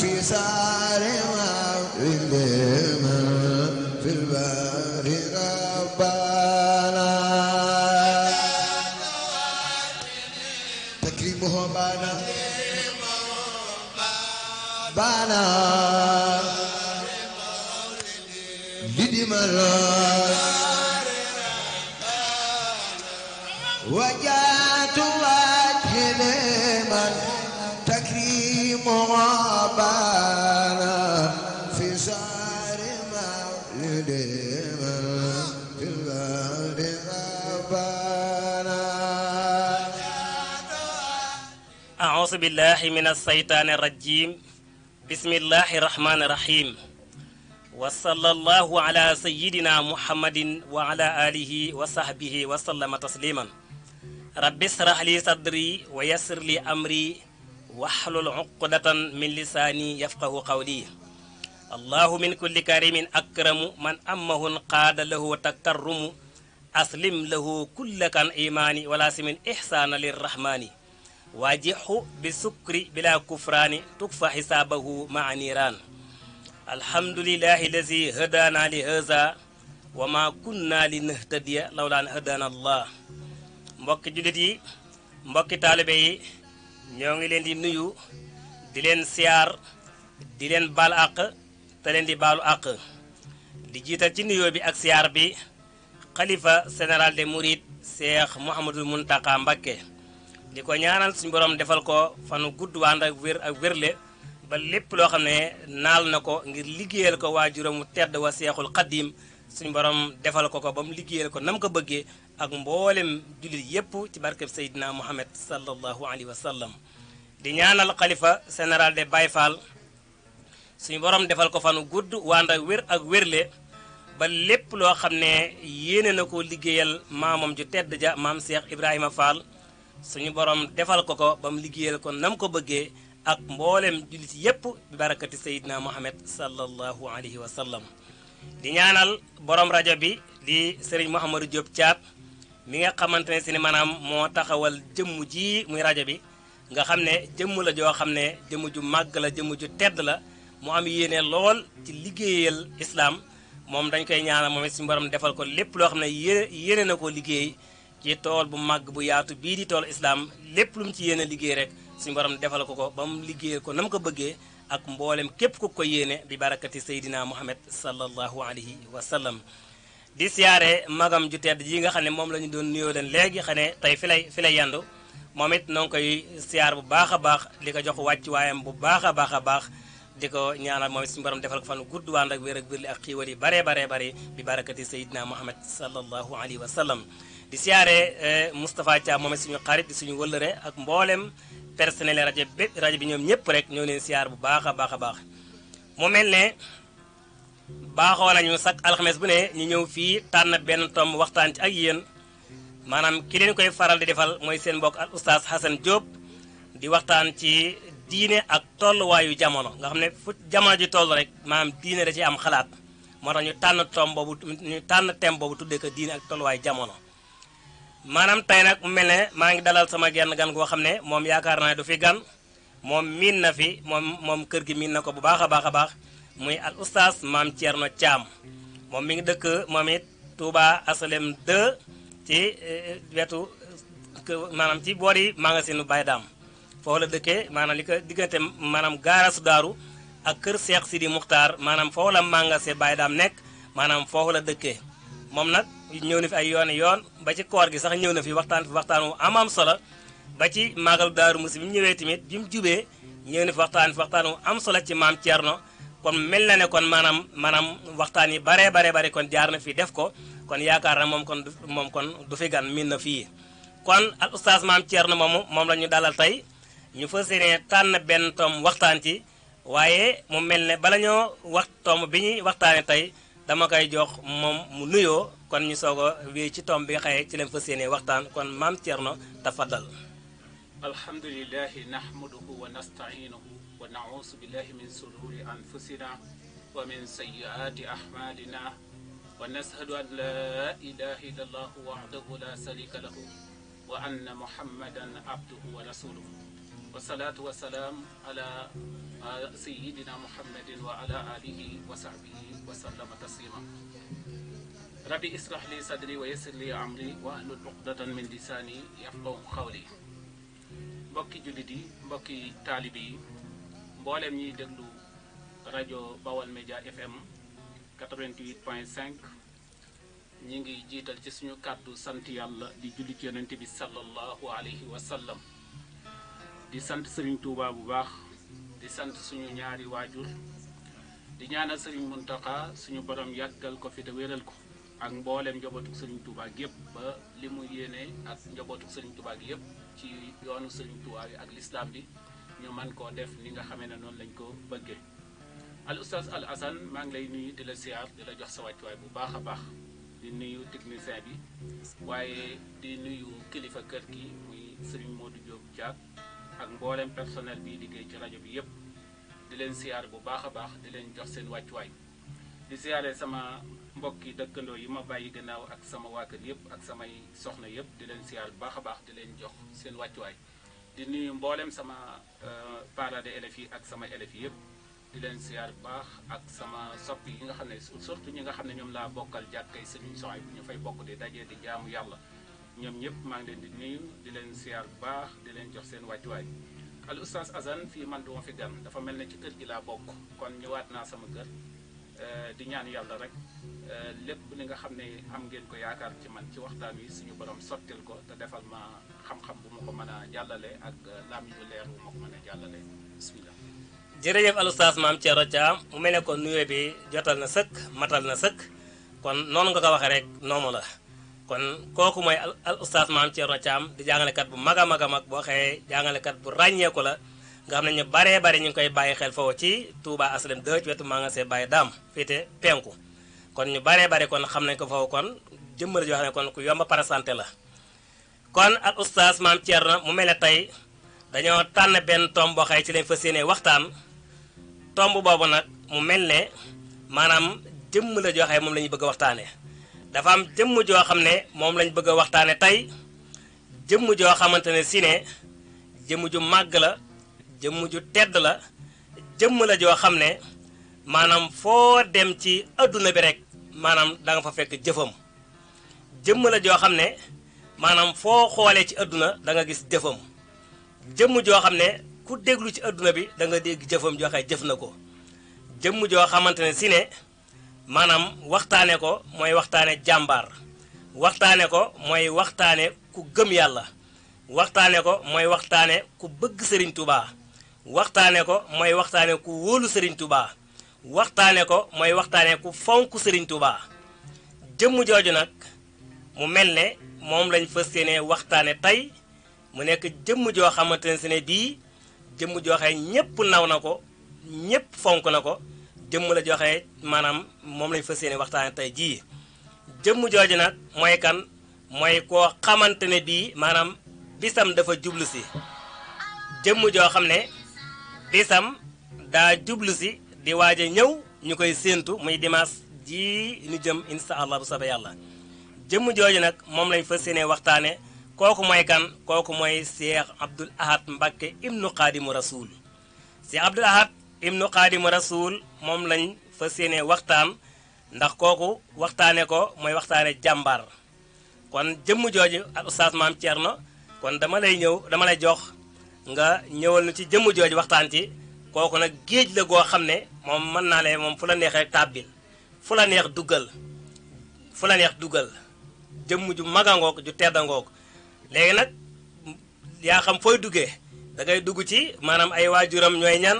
في سار وعلم في البار ربنا تكريمه بنا بنا لدم وجات وجه لمن تكريمه بانا في شعر مولد في البلد غبانا أعوذ بالله من الشيطان الرجيم بسم الله الرحمن الرحيم وصلى الله على سيدنا محمد وعلى آله وصحبه وسلم تسليما رب اشرح لي صدري ويسر لي أمري waxlul uqdatan min lisaani yafqahu qawli allahu min kulli karimin akramu man amahun qaada lahu takarrumu aslim lahu kulla kan imaani wala simin ihsaana lirrahmaani waajixu bi sukri bila kufraani tukfa xisaabahu maa niiraan alhamdulilahi lazi hadaana li haza wa ma kunna li nahtadiya lawlaan hadaana allah mbokki jullit yi mbokki taalibe yi ñoo ngi leen di nuyu di leen siyaar di leen baal àq te leen di baalu àq di jiital ci nuyoo bi ak siyaar bi xalifa général des mourides Cheikh Mouhamadul Mountakha Mbacké di ko ñaanal suñu borom defal ko fanu gudd waan ak wér ak wérle ba lépp loo xam ne naal na ko ngir liggéeyal ko waajuram mu tedd wa Seexul Xaddiim suñu borom defal ko ko ba mu liggéeyal ko nam ko bëggee ak mboolem jullit yépp ci barkeb Seydina Muhammad sallallahu alayhi wa sallam di ñaanal xalifa général de Baye Fall suñu borom defal ko fanu gudd waanda wér ak wérle ba lépp loo xam ne yéene na ko liggéeyal maamam ju tedd ja maam seex Ibrahima Fall suñu borom defal ko ko ba mu liggéeyal ko nam ko bëggee ak mboolem jullit yépp bi barakati Seydina Muhammad sallallahu alayhi wa di ñaanal borom rajo bi di Serigne Mouhamadou Diop Thiat mi nga xamante ne si ni maanaam moo taxawal jëmm ji muy rajo bi nga xam ne jëmm la joo xam ne jëmm ju màgg la jëmm ju tedd la mu am yéene lool ci liggéeyal islaam moom dañ koy ñaanal moom it suñu defal ko lépp loo xam ne yéene yéene na ko liggéey ci tool bu màgg bu yaatu bii di tool islaam lépp lu ci yéene liggéey rek suñu borom defal ko ko ba mu liggéeyal ko na ko bëggee ak mboolem képp ku ko yéene bi barakati Seydina Muhammad sallallahu alayhi wa sallam di siyaare magam ju tedd yi nga xam ne moom la ñu doon nuyoo leen léegi xam ne tey fi lay fi lay yandu moom it noo ngi siyaar bu baax a baax di ko jox wàcc waayam bu baax a baax a baax di ko ñaanal moom it suñu borom defal ko fan gudd waan ak wér ak wérli ak xiiwal yi baree baree bare bi barakati sayidina muhammad sallallahu alayhi wa sallam di siyaare eh, Moustapha Thiam moom suñu xarit suñu wëllëre ak mboolem personnel rajo bi rajo bi ñoom ñëpp rek ñoo leen siyaar bu baax a baax a baax mu mel ne baaxoo nañu sax alxames bu ne ñu ñëw fii tànn benn tomb waxtaan ci ak yéen maanaam ki leen koy faral di defal mooy seen mbokk al oustaz Hassane jóob di waxtaan ci diine ak tolluwaayu jamono nga xam ne fu jamono ji toll rek maanaam diine da ci am xalaat moo tax ñu tànn tomb boobu ñu tànn thème boobu tuddee ko diine ak tolluwaayu jamono. maanaam tey nag mu mel ne maa ngi dalal sama genn gan goo xam ne moom yaakaar naa du fi gan moom miin na fi moom moom kër gi miin na ko bu baax a baax a baax. muy al oustaz maam Thierno caam moom mi ngi dëkk moom it Touba Asalem 2 ci eh, wetu maanaam ci boori magasinu Baye Dame foofu la dëkkee maanaam li ko diggante maanaam gaara Sudaaru ak kër Cheikh Sidi Muxtaar maanaam foofu la magasin Baye Dame nekk maanaam foofu la dëkkee moom nag ñëw na fi ay yoon yoon ba ci koor gi sax ñëw na fi waxtaan fi waxtaan wu am am solo ba ci màggalu Daaru Musi bi mu ñëwee tamit bi mu jubee ñëw na fi waxtaan fi waxtaan wu am solo ci maam Thierno. kon mel na ne kon maanaam maanaam waxtaan yi baree baree bare kon jaar na fii def ko kon yaakaar na moom kon moom kon du fi gan miin na fii kon al oustaz maam Thierno moomu moom la ñu dalal tey ñu fas yéene tànn benn tom waxtaan ci waaye mu mel ne bala ñoo wax tom bi ñuy waxtaanee tey dama koy jox moom mu nuyoo kon ñu soog a wéy ci tom bi nga xëyee ci leen fas yéene waxtaan kon maam Thierno tafaddal alhamdulilahi nahmaduhu wa nastainuhu ونعوذ بالله من سرور أنفسنا ومن سيئات أعمالنا ونشهد أن لا إله إلا الله وحده لا شريك له وأن محمدا عبده ورسوله والصلاة والسلام على سيدنا محمد وعلى آله وصحبه وسلم تسليما ربي اسرح لي صدري ويسر لي امري واحلل عقدة من لساني يفقهوا قولي mbokki jullit yi mbokki taalibe yi mbooleem ñuy déglu rajo Bawal Média FM 88 point 5 ñi ngi jiital ci suñu kàddu sant yàlla di julli ci bi sallallahu alayhi wa sallam di sant sëriñ Touba bu baax di sant suñu ñaari waajur di ñaanal sëriñ Muntaxa suñu borom yàggal ko fi te wéral ko ak mbooleem njabootu sëriñ Touba gi yëpp ba li mu yéene ak njabootu sëriñ Touba gi yëpp ci yoonu sëriñ Touba yi ak lislaam bi ñu man koo def ni nga xamee ne noonu lañ ko bëggee al oustaz al asan maa ngi lay nuyu di la siyaar di la jox sa wàccuwaay bu baax a baax di nuyu technicien bi waaye di nuyu kilifa kër gi muy sëriñ du Diop Diak ak mboolem personnel bi liggéey ci rajo bi yépp di leen siyaar bu baax a baax di leen jox seen wàccuwaay di siyaare sama mbokki dëkkandoo yi ma bàyyi gannaaw ak sama waa kër yépp ak samay soxna yépp di leen siyaar bu baax a baax di leen jox seen wàccuwaay di nuyu mboolem sama euh, parents d'élèves yi ak sama élèves yi yëpp di leen siyaar bu baax ak sama soppi yi nga xam ne surtout ñi nga xam ne ñoom laa bokkal jàkkay sëriñ Soxay bu ñu fay bokk di daje di jaamu yàlla ñoom ñëpp maa ngi leen di nuyu di leen siyaar bu baax di leen jox seen wàccuwaay al oustaz Assane fii man duma fi gan dafa mel ne ci kër gi laa bokk kon ñëwaat naa sama kër euh, di ñaan yàlla rek Euh, lépp li nga xam ne am ngeen ko yaakaar ci man ci waxtaan wi suñu borom sottil ko te defal ma xam-xam bu ma ko mën a jàllale ak euh, làmmiñ bu leer bu ma ko mën a jàllale bismillah jërëjëf alustaas maam Thierno Thiam mu mel ne kon nuyoo na sëkk matal na sëkk kon noonu nga ko waxee rek la kon kooku mooy alustaas maam Thierno Thiam di jàngalekat bu mag a mag a mag boo xëyee jàngalekat bu ràññeeku la nga xam ne ñu baree bari ñu ngi koy bàyyi xel foofu ci Touba Aslem 2 ci wetu magasin Baye Dame féete penku kon ñu baree bare kon xam nañ ko foofu kon jëmm la joo xam ne kon ku yomb para santé la kon al oustaz maam na mu mel ne tey dañoo tànn benn tomb boo xay ci lañ fas yéenee waxtaan tomb boobu nag mu mel ne maanaam jëmm la joo xam moom lañuy ñu bëgg waxtaanee dafa am jëmm joo xam ne moom lañ bëgg waxtaanee tey jëmm joo xamante ne si ne jëmm ju màgg la jëmm ju tedd la jëmm la joo xam ne maanaam foo dem ci adduna bi rek. maanaam da nga fa fekk jëfam jëmm la joo xam ne maanaam foo xoolee ci àdduna danga gis jëfam jëmm joo xam ne ku déglu ci àdduna bi da nga dégg jëfam joo jëf na ko joo xamante ne si ne maanaam waxtaane ko mooy waxtaane jàmbaar waxtaane ko mooy waxtaane ku gëm yàlla waxtaane ko mooy waxtaane ku bëgg Serigne Touba waxtaane ko mooy waxtaane ku wóolu Serigne tubaa waxtaane ko mooy waxtaane ku fonk Serigne Touba jëmm jooju nag mu mel ne moom lañ fas yéene waxtaane tey mu nekk jëmm joo xamante ne si ne bii jëmm jooxee ñépp naw na ko ñépp fonk na ko jëmm la joxe maanaam moom lañ fas yéene waxtaane tey jii jëmm jooju nag mooy kan mooy koo xamante ne bii maanaam bisam dafa jublu si jëmm joo xam ne bisam daa jublu si di waaj ñëw ñu koy séentu muy dimanche ji nu jëm incha allah bu soobee yàlla jëmm jooju nag moom lañ fa yéenee waxtaane kooku mooy kan kooku mooy Cheikh Abdoul Ahad Mbacké ibnu Xaadimu Rasul Cheikh Abdoul Ahad ibnu Xaadimu Rasul moom lañ fa yéenee waxtaan ndax kooku waxtaane ko mooy waxtaane jàmbaar kon jëmm jooju ak oustaz maam Thierno kon dama lay ñëw dama lay jox nga ñëwal nu ci jëmm jooju waxtaan ci kooku nag géej la goo xam ne moom mën naa ne moom fu la neexee rek tàbbil fu la neex duggal fu la neex duggal jëmm ju mag a ngoog ju tedd ngoog léegi nag yaa xam fooy duggee dangay dugg ci maanaam ay waajuram ñooy ñan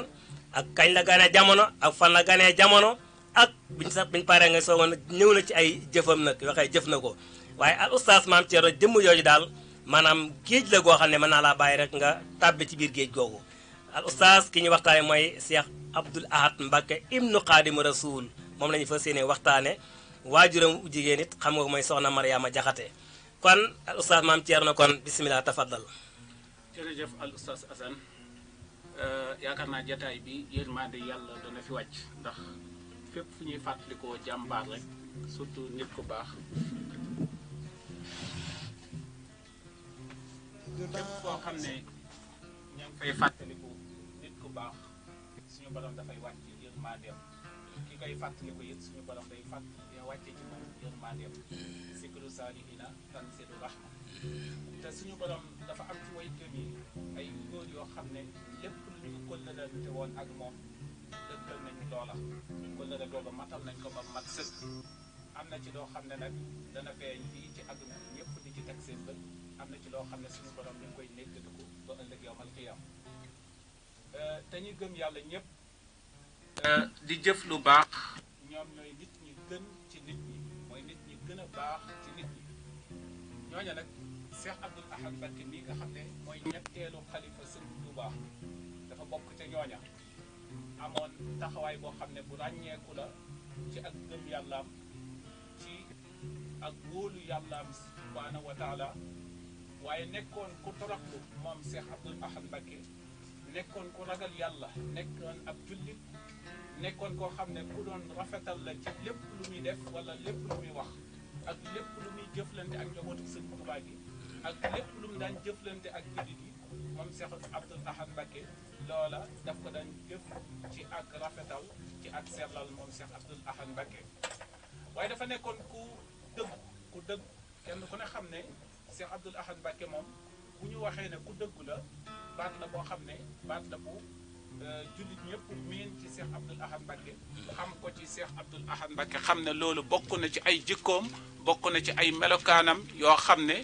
ak kañ la ganee jamono ak fan la ganee jamono ak biñ sax biñ paree nga soogoon nag ñëw na ci ay jëfam nag yoo xam jëf na ko waaye al oustaz maam Thierno jëmm yooyu daal maanaam géej la goo xam ne mën naa laa bàyyi rek nga tàbbi ci biir géej googu. al oustaz ki ñu waxtaane mooy Cheikh Abdoul Ahad Mbacke ibnu Xaadimu Rasul moom la fa fas yéene waxtaane waajuram jigéen it xam nga mooy soxna Mariama Jaxate kon al oustaz maam Thierno kon bisimilah tafaddal jërëjëf al euh, yaakaar naa jataay bi yërmande yàlla dana fi wàcc ndax fépp ñuy fàttalikoo jàmbaar rek surtout nit ku baax suñu borom dafay wàcce yërmandeem ki koy fàttaliku it suñu borom day fàttali wàcce ci moom yërmandeem sikru saalihina tanzilu rahma te suñu borom dafa am ci way gëm yi ay góor yoo xam ne lépp lu ñu kóllërante woon ak moom dëggal nañu loola kóllëre booba matal nañ ko ba mat sëkk am na ci loo xam ne nag dana feeñ fii ci àdduna bi ñëpp di ci teg seen bët am na ci loo xam ne suñu borom ñu koy néggatiku ba ëllëg yow mal xiyam te ñuy gëm yàlla ñëpp Euh, di jëf lu baax ñoom ñooy nit ñi gën ci nit ñi mooy nit ñi gën a baax ci nit ñi ñooñu nag Cheikh Abdoul Ahad Mbacké mi nga xam ne mooy ñetteelu xalifa sëñ baax dafa bokk ca ñooña amoon taxawaay boo xam ne bu ràññeeku la ci ak gëm yàllaam ci ak wóolu yàllaam subhaanahu waaye nekkoon ku toroxlu moom Cheikh Abdoul Ahad Mbacké nekkoon ku ragal yàlla nekkoon ab jullit nekkoon koo xam ne ku doon rafetal la ci lépp lu muy def walla lépp lu muy wax ak lépp lu muy jëflante ak njabootu sëñ Tuubaa gi ak lépp lu mu daan jëflante ak jullit yi moom Seex Abdul Ahad Mbakke loola daf ko daan jëf ci ak rafetal ci ak sellal moom Seex Abdul Ahad Mbakke waaye dafa nekkoon ku dëgg ku dëgg kenn ku ne xam ne Seex Abdul Ahad Mbakke moom bu ñu waxee ne ku dëgg la baat la boo xam ne baat la bu euh, xam ko ci Cheikh Abdoul xam ne loolu bokk na ci ay jikkoom bokk na ci ay melokaanam yoo xam ne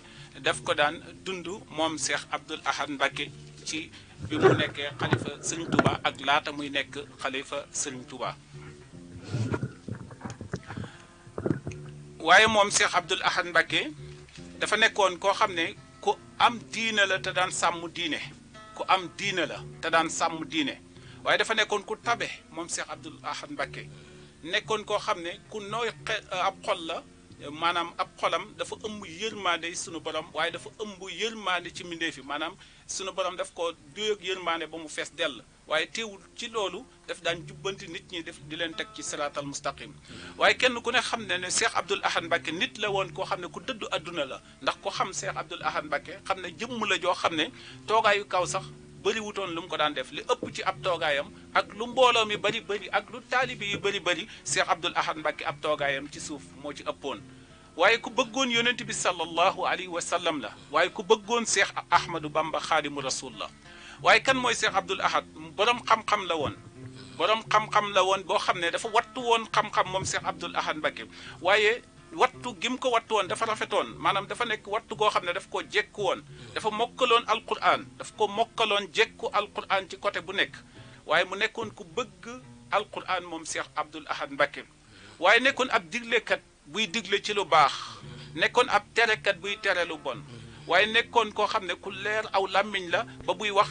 daf ko daan dund moom seex Abdoul Ahad Mbacké ci bi mu nekkee xalifa Sëriñ Touba ak laata muy nekk xalifa Sëriñ Touba waaye moom Cheikh Abdoul Ahad Mbacké dafa nekkoon koo xam ne ku am diine la te daan sàmm diine ku am diine la te daan sàmm diine waaye dafa nekkoon ku tabe moom Cheikh Abdoul Ahad Mbacké nekkoon koo xam ne ku nooy ab xol la maanaam ab xolam dafa ëmb yërmaande sunu borom waaye dafa ëmb yërmaande ci mbindeef yi maanaam sunu borom daf ko duyog yërmaande ba mu fees dell waaye teewul ci loolu def daan jubbanti nit ñi def di leen teg ci siraatal mustaqim waaye kenn ku ne xam ne ne Cheikh Abdoul Ahad Mbacké nit la woon koo xam ne ku dëddu àdduna la ndax ko xam Cheikh Abdoul Ahad Mbacké xam ne jëmm la joo xam ne yu kaw sax bëri wutoon lu mu ko daan def li ëpp ci ab toogaayam ak lu mbooloo mi bëri bëri ak lu taalibi yu bëri bëri Cheikh Abdoul Ahad Mbacké ab toogaayam ci suuf moo ci ëppoon waaye ku bëggoon yonent bi sallallahu alayhi wa sallam la waaye ku bëggoon Cheikh Ahmadou Bamba xaadimu rasul la waaye kan mooy Cheikh Abdoul Ahad borom xam la woon boroom xam-xam la woon goo xam ne dafa wattu woon xam-xam moom Cheikh Abdoul ahar Mbacké waaye wattu gim ko wattu woon dafa rafetoon maanaam dafa nekk wattu goo xam ne daf ko jekku woon dafa mokkaloon alquran daf ko mokkaloon jekku alquran ci côté bu nekk waaye mu nekkoon ku bëgg alquran moom Cheikh Abdoul Ahad Mbacké waaye nekkoon ab diglekat buy digle ci lu baax nekkoon ab terekat buy tere lu bon waaye nekkoon koo xam ne ku leer aw làmmiñ la ba muy wax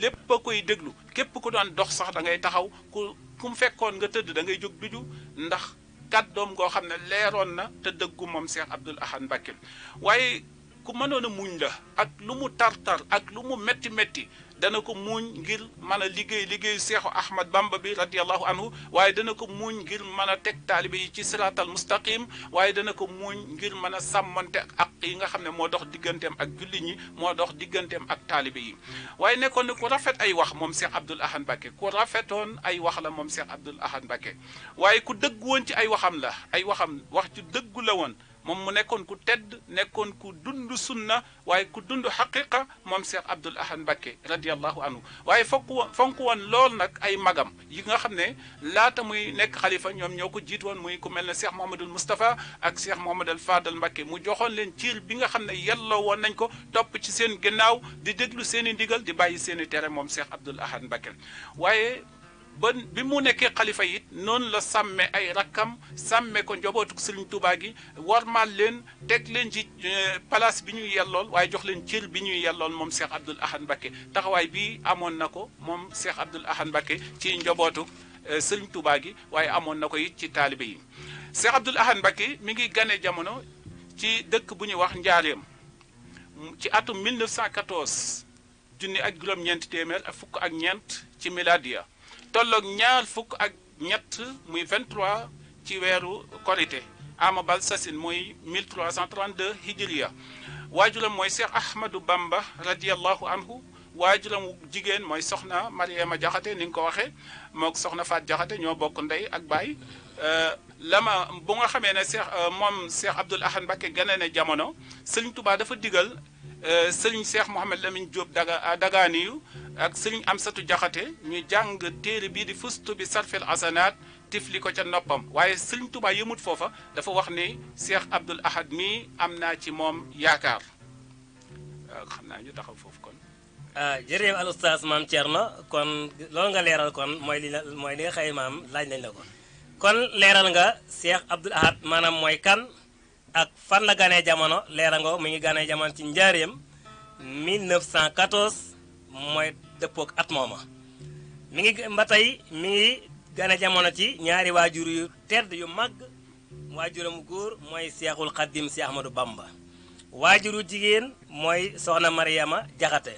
lépp a koy déglu képp ku daan dox sax da ngay taxaw ku ku mu fekkoon nga tëdd da ngay jóg duju ndax kàddoom goo xam ne leeroon na te dëggu moom Cheikh Abdoul Ahad Mbacké waaye ku mënoon a muñ la ak lu mu tar-tar ak lu mu métti métti dana ko muuñ ngir mën a liggéey liggéeyu seexu Ahmad Bamba bi radiallahu anhu waaye dana ko muuñ ngir mën a teg taalibe yi ci siraatal mustaqim waaye dana ko muuñ ngir mën a sàmmante ak yi nga xam ne moo dox digganteem ak julli ñi moo dox digganteem ak taalibe yi waaye nekkoon ne ku rafet ay wax moom seex Abdoul Ahad Mbacké ku rafetoon ay wax la moom seex Abdoul Ahad Mbacké waaye ku dëgg woon ci ay waxam la ay waxam wax ci dëggu la woon moom mu nekkoon ku tedd nekkoon ku dund sunna waaye ku dund xaqiqa moom Cheikh Abdoul Ahad Mbacké radiallahu anhu waaye fonk woon fonk woon lool nag ay magam yi nga xam ne laata muy nekk xalifa ñoom ñoo ko jiit woon muy ku mel ne Cheikh Mouhamadoul Moustapha ak Cheikh Mouhamadoul faadal Mbacké mu joxoon leen ciir bi nga xam ne yelloo woon nañ ko topp ci seen ginnaaw di déglu seen i ndigal di bàyyi seen i tere moom Cheikh Abdoul Ahad Mbacké waaye ba bi mu nekkee xalifa it noonu la sàmme ay rakkam sàmme ko njobootu Sëriñ Tuubaa gi warmaal leen teg leen ci euh, palace bi ñuy yellool waaye jox leen cër bi ñuy yellool moom Cheikh Abdoul Ahad Mbacké taxawaay bii amoon na ko moom Cheikh Abdoul Ahad Mbacké ci njobootu euh, Sëriñ Tuubaa gi waaye amoon na ko it ci taalibe yi Cheikh Abdoul Ahad Mbacké mi ngi gane jamono ci dëkk bu ñuy wax Njaareem ci atum 1914 junni ak juróom-ñeent téeméer ak fukk ak ñeent ci miladiya tolloog ñaar fukk ak ñett muy 23 ci weeru korité ama bal sasin mooy 1332 hijriya waajuram mooy Cheikh Ahmadou Bamba radiallahu anhu waajuram jigéen mooy soxna Mariama Jaxate ni nga ko waxee mook soxna Faat Jaxate ñoo bokk ndey ak baay euh, lama bu nga xamee ne Cheikh euh, moom Cheikh Abdoul Ahad mbake gane ne jamono Sëriñ Tuubaa dafa digal Euh, sëriñ Cheikh Mouhamed Lamine Diop daga dagaaniyu ak sëriñ Amsatu Jaxate ñu jàng téere bii di fustu bi sarfel asanaat tifli ko ca noppam waaye sëriñ Touba yëmut foofa dafa wax ni Cheikh Abdoul Ahad mii am naa ci moom yaakaar euh, xam naa ñu taxaw foofu kon. ah jërëjëf al oustaz maam Thierno kon loolu nga leeral kon mooy li la maam laaj nañ la ko kon leeral nga Cheikh Abdoul Ahad maanaam mooy kan. ak fan la ganee jamono leerango mi ngi ganee jamono ci njaareem 1914 mooy dëppook at mooma mi ngi ba tey mi ngi ganee jamono ci ñaari waajur yu tedd yu mag waajuramu góor mooy seexul xaddim si Ahmadou Bamba waajuru jigéen mooy soxna Mariama Jaxate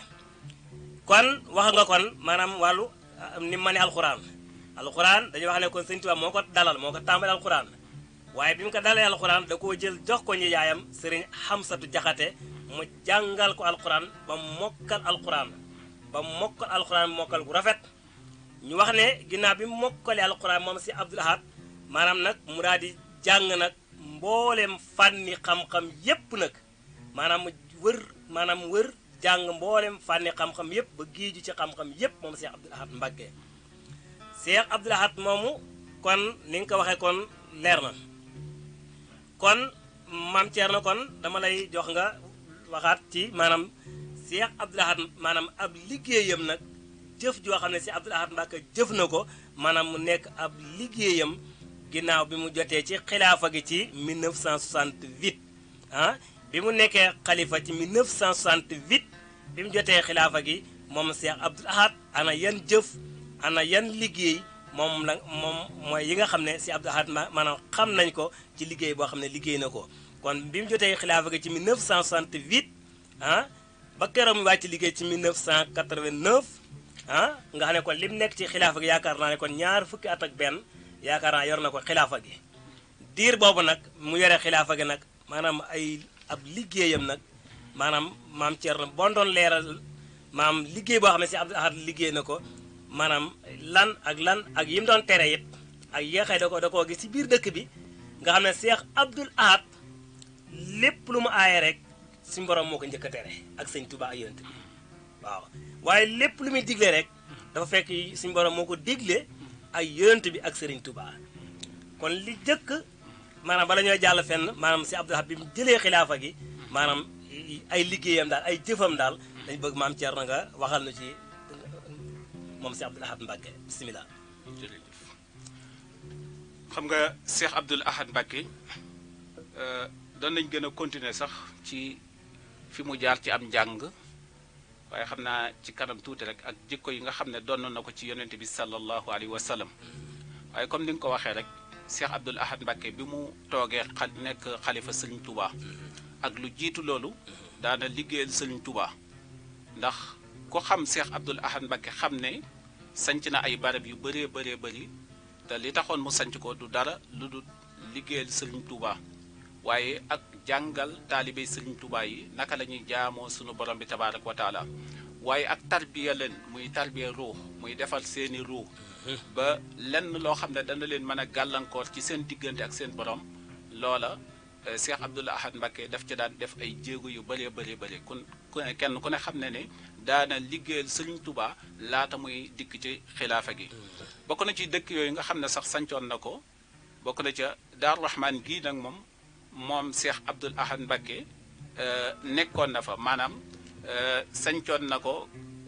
kon wax nga kon maanaam wàllu ah, ni ma ne alxuraan alxuraan dañuy wax ne kon sëñ Tuubaa moo ko dalal moo ko tàmbali alxuraan waaye bi mu ko dalee alxuraan da koo jël jox ko ñu yaayam sëriñ xamsatu jaxate mu jàngal ko alxuraan ba mokkal alxuraan ba mokkal alxuraan mokkal gu rafet ñu wax ne ginnaaw bi mu mokkalee alxuraan moom si Abdul Ahad maanaam nag mu daal jàng nag mbooleem fànni xam-xam yépp nag maanaam mu wër maanaam wër jàng mboolem fànni xam-xam yépp ba géeju ci xam-xam yépp moom Cheikh Abdoul Ahad Mbacké Cheikh moomu kon ni nga ko waxee kon leer na kon maam na kon dama lay jox nga waxaat ci maanaam Cheikh Abdoul Ahad maanaam ab liggéeyam nag jëf joo xam ne si Abdoul Ahad Mbacké jëf na ko maanaam mu nekk ab liggéeyam ginnaaw bi mu jotee ci xilaafa gi ci 1968 ah bi mu nekkee xalifa ci 1968 bi mu jotee xilaafa gi moom Cheikh Abdoul Ahad ana yan jëf ana yan liggéey moom la moom mooy yi nga xam ne si Abdou Ahad maanaam xam nañ ko ci liggéey boo xam ne liggéey na ko kon bi mu jotee xilaafa gi ci 1968 ah ba keroog mu wàcc liggéey ci 1989 ah nga xam ne kon lim nekk ci xilaafa gi yaakaar naa ne kon ñaar fukki at benn yaakaar naa yor na ko xilaafa gi diir boobu nag mu yore xilaafa gi nag maanaam ay ab liggéeyam nag maanaam maam Thierno bon doon leeral maam liggéey boo xam ne si Abdou Ahad liggéey na ko maanaam lan ak lan ak yi mu doon tere yëpp ak yeexee da ko da koo gis ci biir dëkk bi nga xam ne Seex Abdul Ahad lépp lu mu aaye rek suñu borom moo ko njëkk a tere ak sëñ Tuubaa ak yonent bi waaye lépp lu muy digle rek dafa fekk suñu borom moo ko digle ak yonent bi ak sëriñ tubaa kon li jëkk maanaam bala ñoo jàll fenn maanaam si Abdul Ahad bi mu jëlee xilaafa gi maanaam ay liggéeyam daal ay jëfam daal dañ bëgg maam Thierno nga waxal nu ci moom Cheikh Abdoul Ahad bisimilah. xam nga Cheikh Abdoul Ahad Mbacke euh, doon nañ gën a continuer sax ci fi mu jaar ci am njàng waaye xam naa ci kanam tuuti rek ak jikko yi nga xam ne doon na ko ci yonent bi sallallahu alayhi wa sallam waaye comme ni nga ko waxee rek Cheikh Abdoul Ahad Mbacke bi mu toogee nekk xalifa Serigne Touba. ak lu jiitu loolu daana liggéeyal Serigne Touba ndax. ku xam Cheikh Abdoul Ahad Mbacké xam ne sanc na ay barab yu bëree bëree bëri te li taxoon mu sañc ko du dara lu dul liggéeyal Serigne Touba waaye ak jàngal taalibe Serigne Touba yi naka la ñuy jaamoo sunu borom bi tabarak wa waaye ak tarbiya leen muy tarbiya ruux muy defal seeni ruux ba lenn loo xam ne dana leen mën a gàllankoor ci seen diggante ak seen borom loola eh, Cheikh Abdoul Ahad Mbacké def ca daan def ay jéego yu bëree bëree bëri kun kenn ku daana liggéeyal sëriñ Touba laata muy dikk ci xilaafa gi bokk na ci dëkk yooyu nga xam ne sax sancoon na ko bokk na ca Daaru Rahmaan gii nag moom moom Cheikh Abdoul Ahad Mbacké euh, nekkoon na fa maanaam euh, sancoon na ko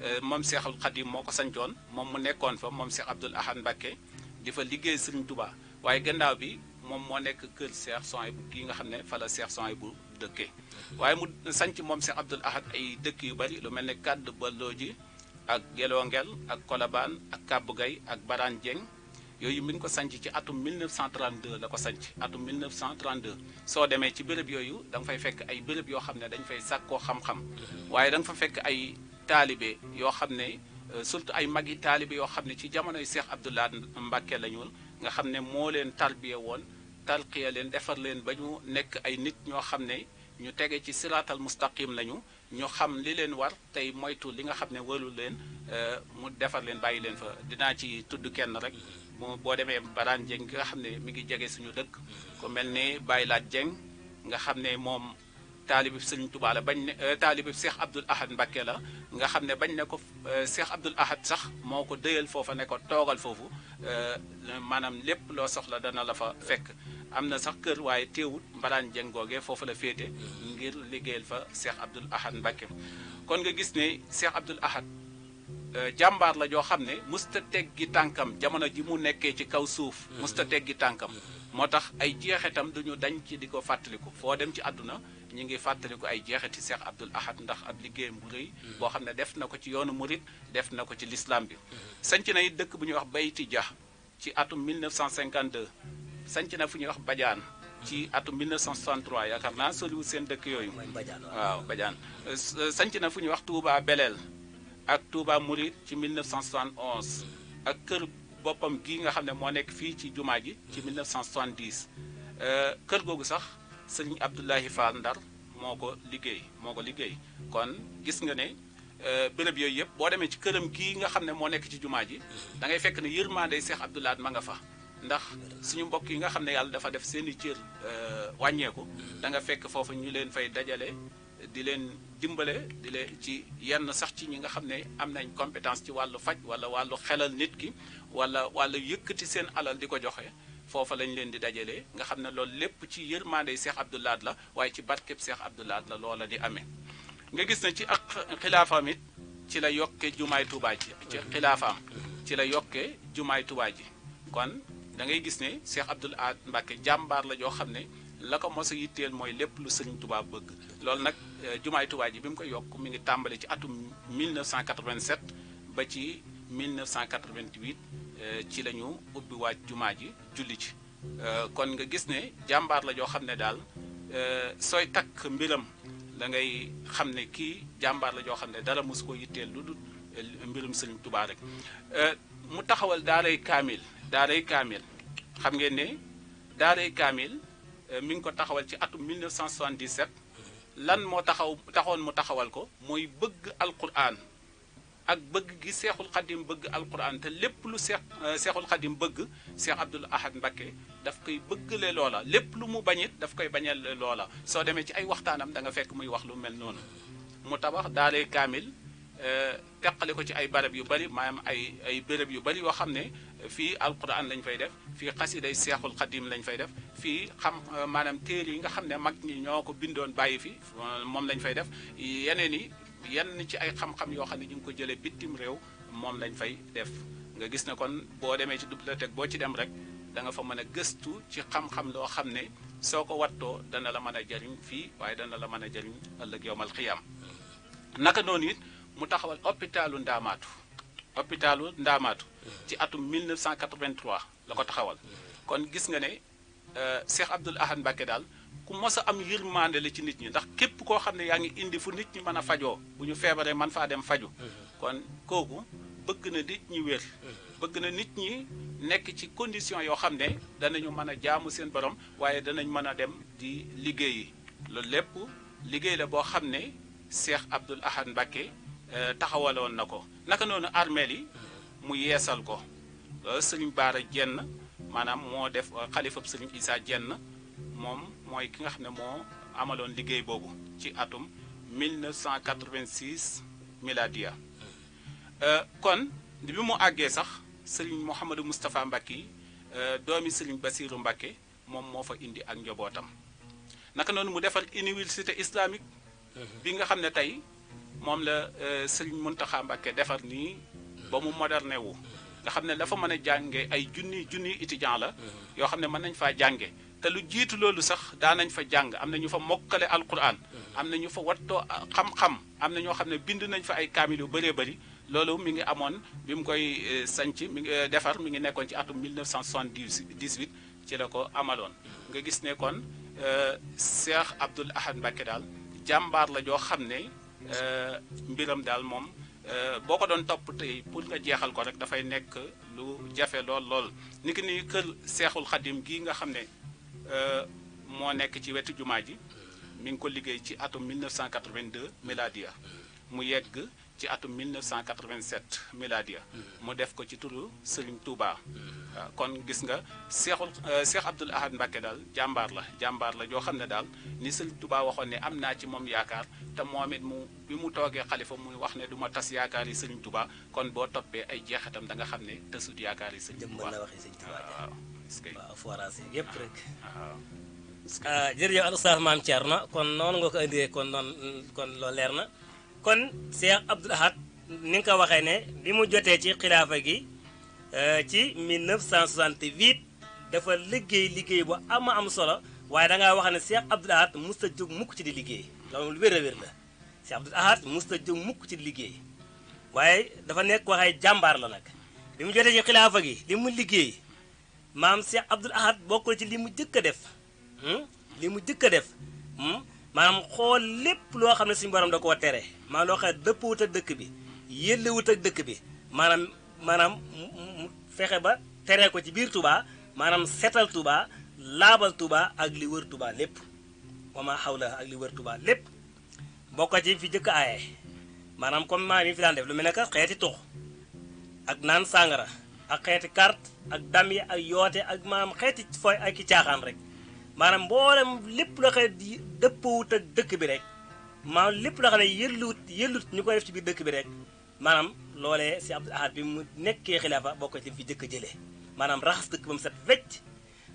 euh, moom Cheikhul Khadim moo ko sancoon moom mu nekkoon fa moom Cheikh Abdoul Ahad Mbacké di fa liggéey sëriñ Touba waaye gannaaw bi moom moo nekk kër yi Souhaïbou gi nga xam ne fa la yi bu dëkkee waaye mu sanc moom Cheikh Abdoul Ahad ay dëkk yu bari lu mel ne kàdd Balooji ak Gelongel ak Kolobaan ak Kàbbu Gay ak Baraan Jeng yooyu mi ngi ko sanc ci atum 1932 la ko sanc atum 1932 soo demee ci béréb yooyu danga nga fay fekk ay béréb yoo xam ne dañ fay sàkkoo xam-xam mhm. waaye da fa fekk ay taalibe yoo xam ne euh, surtout ay magi yi yoo xam ne ci jamonoy seex Abdoul Ahad Mbacké la ñuul nga xam ne moo leen tarbiye woon talqiya leen defar leen ba ñu nekk ay nit ñoo xam ne ñu tege ci siraatal mustaqim lañu ñu xam li leen war tey moytu li nga xam ne warul leen euh, mu defar leen bàyyi leen fa dinaa ci tudd kenn rek mu boo demee Baraan Jeng nga xam ne mi ngi jege suñu dëkk ku mel ni Baye Laat Jeng nga xam ne moom taalibib sëriñ Tuubaa bañ ne euh, taalibib Cheikh Abdoul Ahad Mbacké la nga xam ne bañ ne ko euh, Cheikh Abdoul Ahad sax moo ko dëyal foofa ne ko toogal foofu euh, maanaam lépp loo soxla dana la fa fekk am na sax kër waaye teewut mbaraan jëng googee foofu la féete ngir liggéeyal fa Cheikh Abdoul Ahad Mbacké kon nga gis ne Cheikh Abdoul Ahad jàmbaar la joo xam ne musta teggi tànkam jamono ji mu nekkee ci kaw suuf musta mm-hmm. teggi tànkam mm-hmm. moo tax ay jeexitam duñu dañ ci di ko fàttaliku foo dem ci àdduna ñu ngi fàttaliku ay jeexati Cheikh Abdoul Ahad ndax ab liggéeyam bu rëy mm-hmm. boo xam ne def na ko ci yoonu murit def na ko ci lislaam bi mm-hmm. sanc na it dëkk bu ñuy wax Bayti Dia ci atum 1952 sanc na fu ñuy wax Badiane ci mm-hmm. atum 1963 yaakaar naa soliwu seen dëkk yooyu waaw Badiane sanc na fu ñuy wax Touba Belel ak Touba Mouride ci 1971 ak kër boppam gii nga xam ne moo nekk fii ci jumaa ji ci 1970 euh, kër googu sax sëriñ Abdoulahi Fall Ndar moo ko liggéey moo ko liggéey kon gis nga ne euh, béréb yooyu yëpp boo demee ci këram gii nga xam ne moo nekk ci jumaa ji da ngay fekk ne yërmaandey Seex Abdou Lahad ma nga fa ndax suñu mbokk yi nga xam ne yàlla dafa def seen i cër euh, wàññeeku da nga fekk foofu ñu leen fay dajale di leen dimbale di leen ci yenn sax ci ñi nga xam ne am nañ compétence ci wàllu faj wala wàllu xelal nit ki wala wàllu yëkkati seen alal di ko joxe foofa lañ leen di dajale nga xam ne loolu lépp ci yërmande Cheikh Abdoul Ahad la waaye ci barkeb Cheikh Abdoul Ahad la loola di amee nga gis na ci ak xilaafaam it ci la yokke jumaay Tuubaa ji ci xilaafaam ci la yokkee jumaay ji kon da ngay gis ne Cheikh Abdoul Ahad Mbacké jàmbaar la joo xam ne la ko mos a yitteel mooy lépp lu sëñ tubaab bëgg loolu nag euh, jumaay Tuubaa ji bi mu koy yokk mi ngi tàmbali ci atum 1987 ba ci 1988 Euh, ci la ñu ubbi waaj jumaa ji julli ci euh, kon nga gis ne jàmbaar la joo xam ne daal euh, sooy takk mbiram dangay xam ne kii jàmbaar la joo xam ne dara mosu ko yitteel lu dul mbirum sëriñ Tuubaa rek mu taxawal daaray kaamil daaray kaamil xam ngeen ne daaray kaamil mi ngi ko taxawal ci atum 1977 lan moo taxaw taxoon mu taxawal ko mooy bëgg alquran ak bëgg gi seexul xadim bëgg alquran te lépp lu seex euh, seexul xadim bëgg seex Abdul Ahad Mbakke daf koy bëggale loola lépp lu mu bañit daf koy bañal loola soo demee ci ay waxtaanam da nga fekk muy wax lu mel noonu mu tabax daaree kaamil euh, teqale ko ci ay barab yu bari maanaam ay ay béréb yu bari yoo xam ne fii alquran lañ fay def fii xasiday seexul xadim lañ fay def fii xam euh, maanaam téere yi nga xam ne mag ñi ñoo ko bindoon bàyyi fi moom lañ fay def yeneen yi yenn ci ay xam-xam yoo xam ne ñu ngi ko jëlee bitim réew moom lañ fay def nga gis ne kon boo demee ci bibliothèque boo ci dem rek da nga fa mën a gëstu ci xam-xam loo xam ne soo ko wattoo dana la mën a jariñ fii waaye dana la mën a jariñ ëllëg yowmal xiyam naka noonu it mu taxawal hôpitalu ndaamaatu hôpitalu ndaamaatu ci atum 1983 la ko taxawal kon gis nga ne euh, Cheikh Abdoul Ahad Mbacké daal ku mos am yërmande la ci nit ñi ndax képp koo xam ne yaa ngi indi fu nit ñi mën a fajoo bu ñu feebaree man faa dem faju kon kooku bëgg na nit ñi wér bëgg na nit ñi nekk ci condition yoo xam ne danañu mën a jaamu seen borom waaye danañ mën a dem di liggéeyi loolu lépp liggéey la boo xam ne Cheikh Abdoul Ahad Mbacké euh, taxawaloon na ko naka noonu armeel yi mu yeesal ko sëriñ Baara Jenn maanaam moo def euh, xalifab sëriñ Isaa Jenn moom mooy ki nga xam ne moo amaloon liggéey boobu ci atum 1986 miladiya euh, kon bi mu àggee sax sëriñ Mouhamadou Moustapha Mbacke euh, doomi sëriñ Bassirou Mbacke moom moo fa indi ak njobootam naka noonu mu defar université islamique mhm. bi nga xam ne tey moom la euh, sëriñ Mountakha Mbacke defar nii ba mu moderne wu mhm. nga xam ne dafa mën a jànge ay junni junni étudiant la mhm. yoo xam ne mën nañ faa jànge te lu jiitu loolu sax daanañ fa jàng am na ñu fa mokkale alquran am na ñu fa wattoo xam-xam am na ñoo xam ne bind nañ fa ay kaamil yu bëree bari loolu mi ngi amoon bi mu koy eh, sanc mi ngi eh, defar mi ngi nekkoon ci atum 1978 ci la ko amaloon nga gis ne kon eh, Cheikh Abdoul Ahad Mbacké daal jàmbaar la joo xam ne mbiram daal moom boo ko doon topp tey pour nga jeexal ko rek dafay nekk lu jafe lool lool niki ni kër Seexul Xadim gii nga xam ne Euh, moo nekk ci wetu jumaa ji mi ngi ko liggéey ci atum 1982 miladiya mu yegg ci atum 1987 miladiya mu def ko ci turu Serigne Touba kon gis nga seexul euh, Seex Abdul Ahad Mbacke daal jàmbaar la jàmbaar la joo xam ne daal ni Serigne Touba waxoon ne am naa ci moom yaakaar te moom it mu bi mu toogee xalifa mu wax ne du ma tas yaakaar yi Serigne Touba kon boo toppee ay jeexitam da nga xam ne tasut yaakaar yi Serigne Touba waaw. waaw forage yeeg yëpp rek. waaw al oustaz maam Thierno kon noonu nga ko indee kon noonu kon loolu leer na kon Cheikh Abdoul Ahad ni nga ko waxee ne bi mu jotee ci xilaafa gi euh, ci 1968 dafa liggéey liggéey bu ama am solo waaye da ngaa wax ne Cheikh Abdoul Ahad musta jóg mukk ci di liggéey loolu lu wér a wér la Cheikh Abdoul musta jóg mukk ci liggéey waaye dafa nekk waxee jàmbaar la nag bi mu jotee ci xilaafa gi li mu liggéey. maam Cheikh Abdoul Ahad bokkul ci li mu jëkk a def hmm? li mu jëkk a def maam hmm? xool lépp loo xam ne suñu borom da koo tere maanaam loo xam ne dëppwut ak dëkk bi yëllewut ak dëkk bi maanaam maanaam mu fexe ba tere ko ci biir tubaa maanaam setal tubaa laabal tubaa ak li wër Touba lépp wama ak li wër Touba lépp bokk ci fi jëkk aaye maanaam comme maa ngi fi daan def lu mel ne que xeeti tux ak naan sàngara ak xeeti carte ak dam yi ak yoote ak maanaam xeeti fooy ak ki caaxaan rek maanaam mboolem lépp loo xam ne dëppawut ak dëkk bi rek maanaam lépp loo xam ne yëllut yëllut ñu koy def ci biir dëkk bi rek maanaam loolee si Abdul Ahad bi mu nekkee xilaafa bokk ci li fi jëkk jëlee maanaam raxas dëkk ba mu set wecc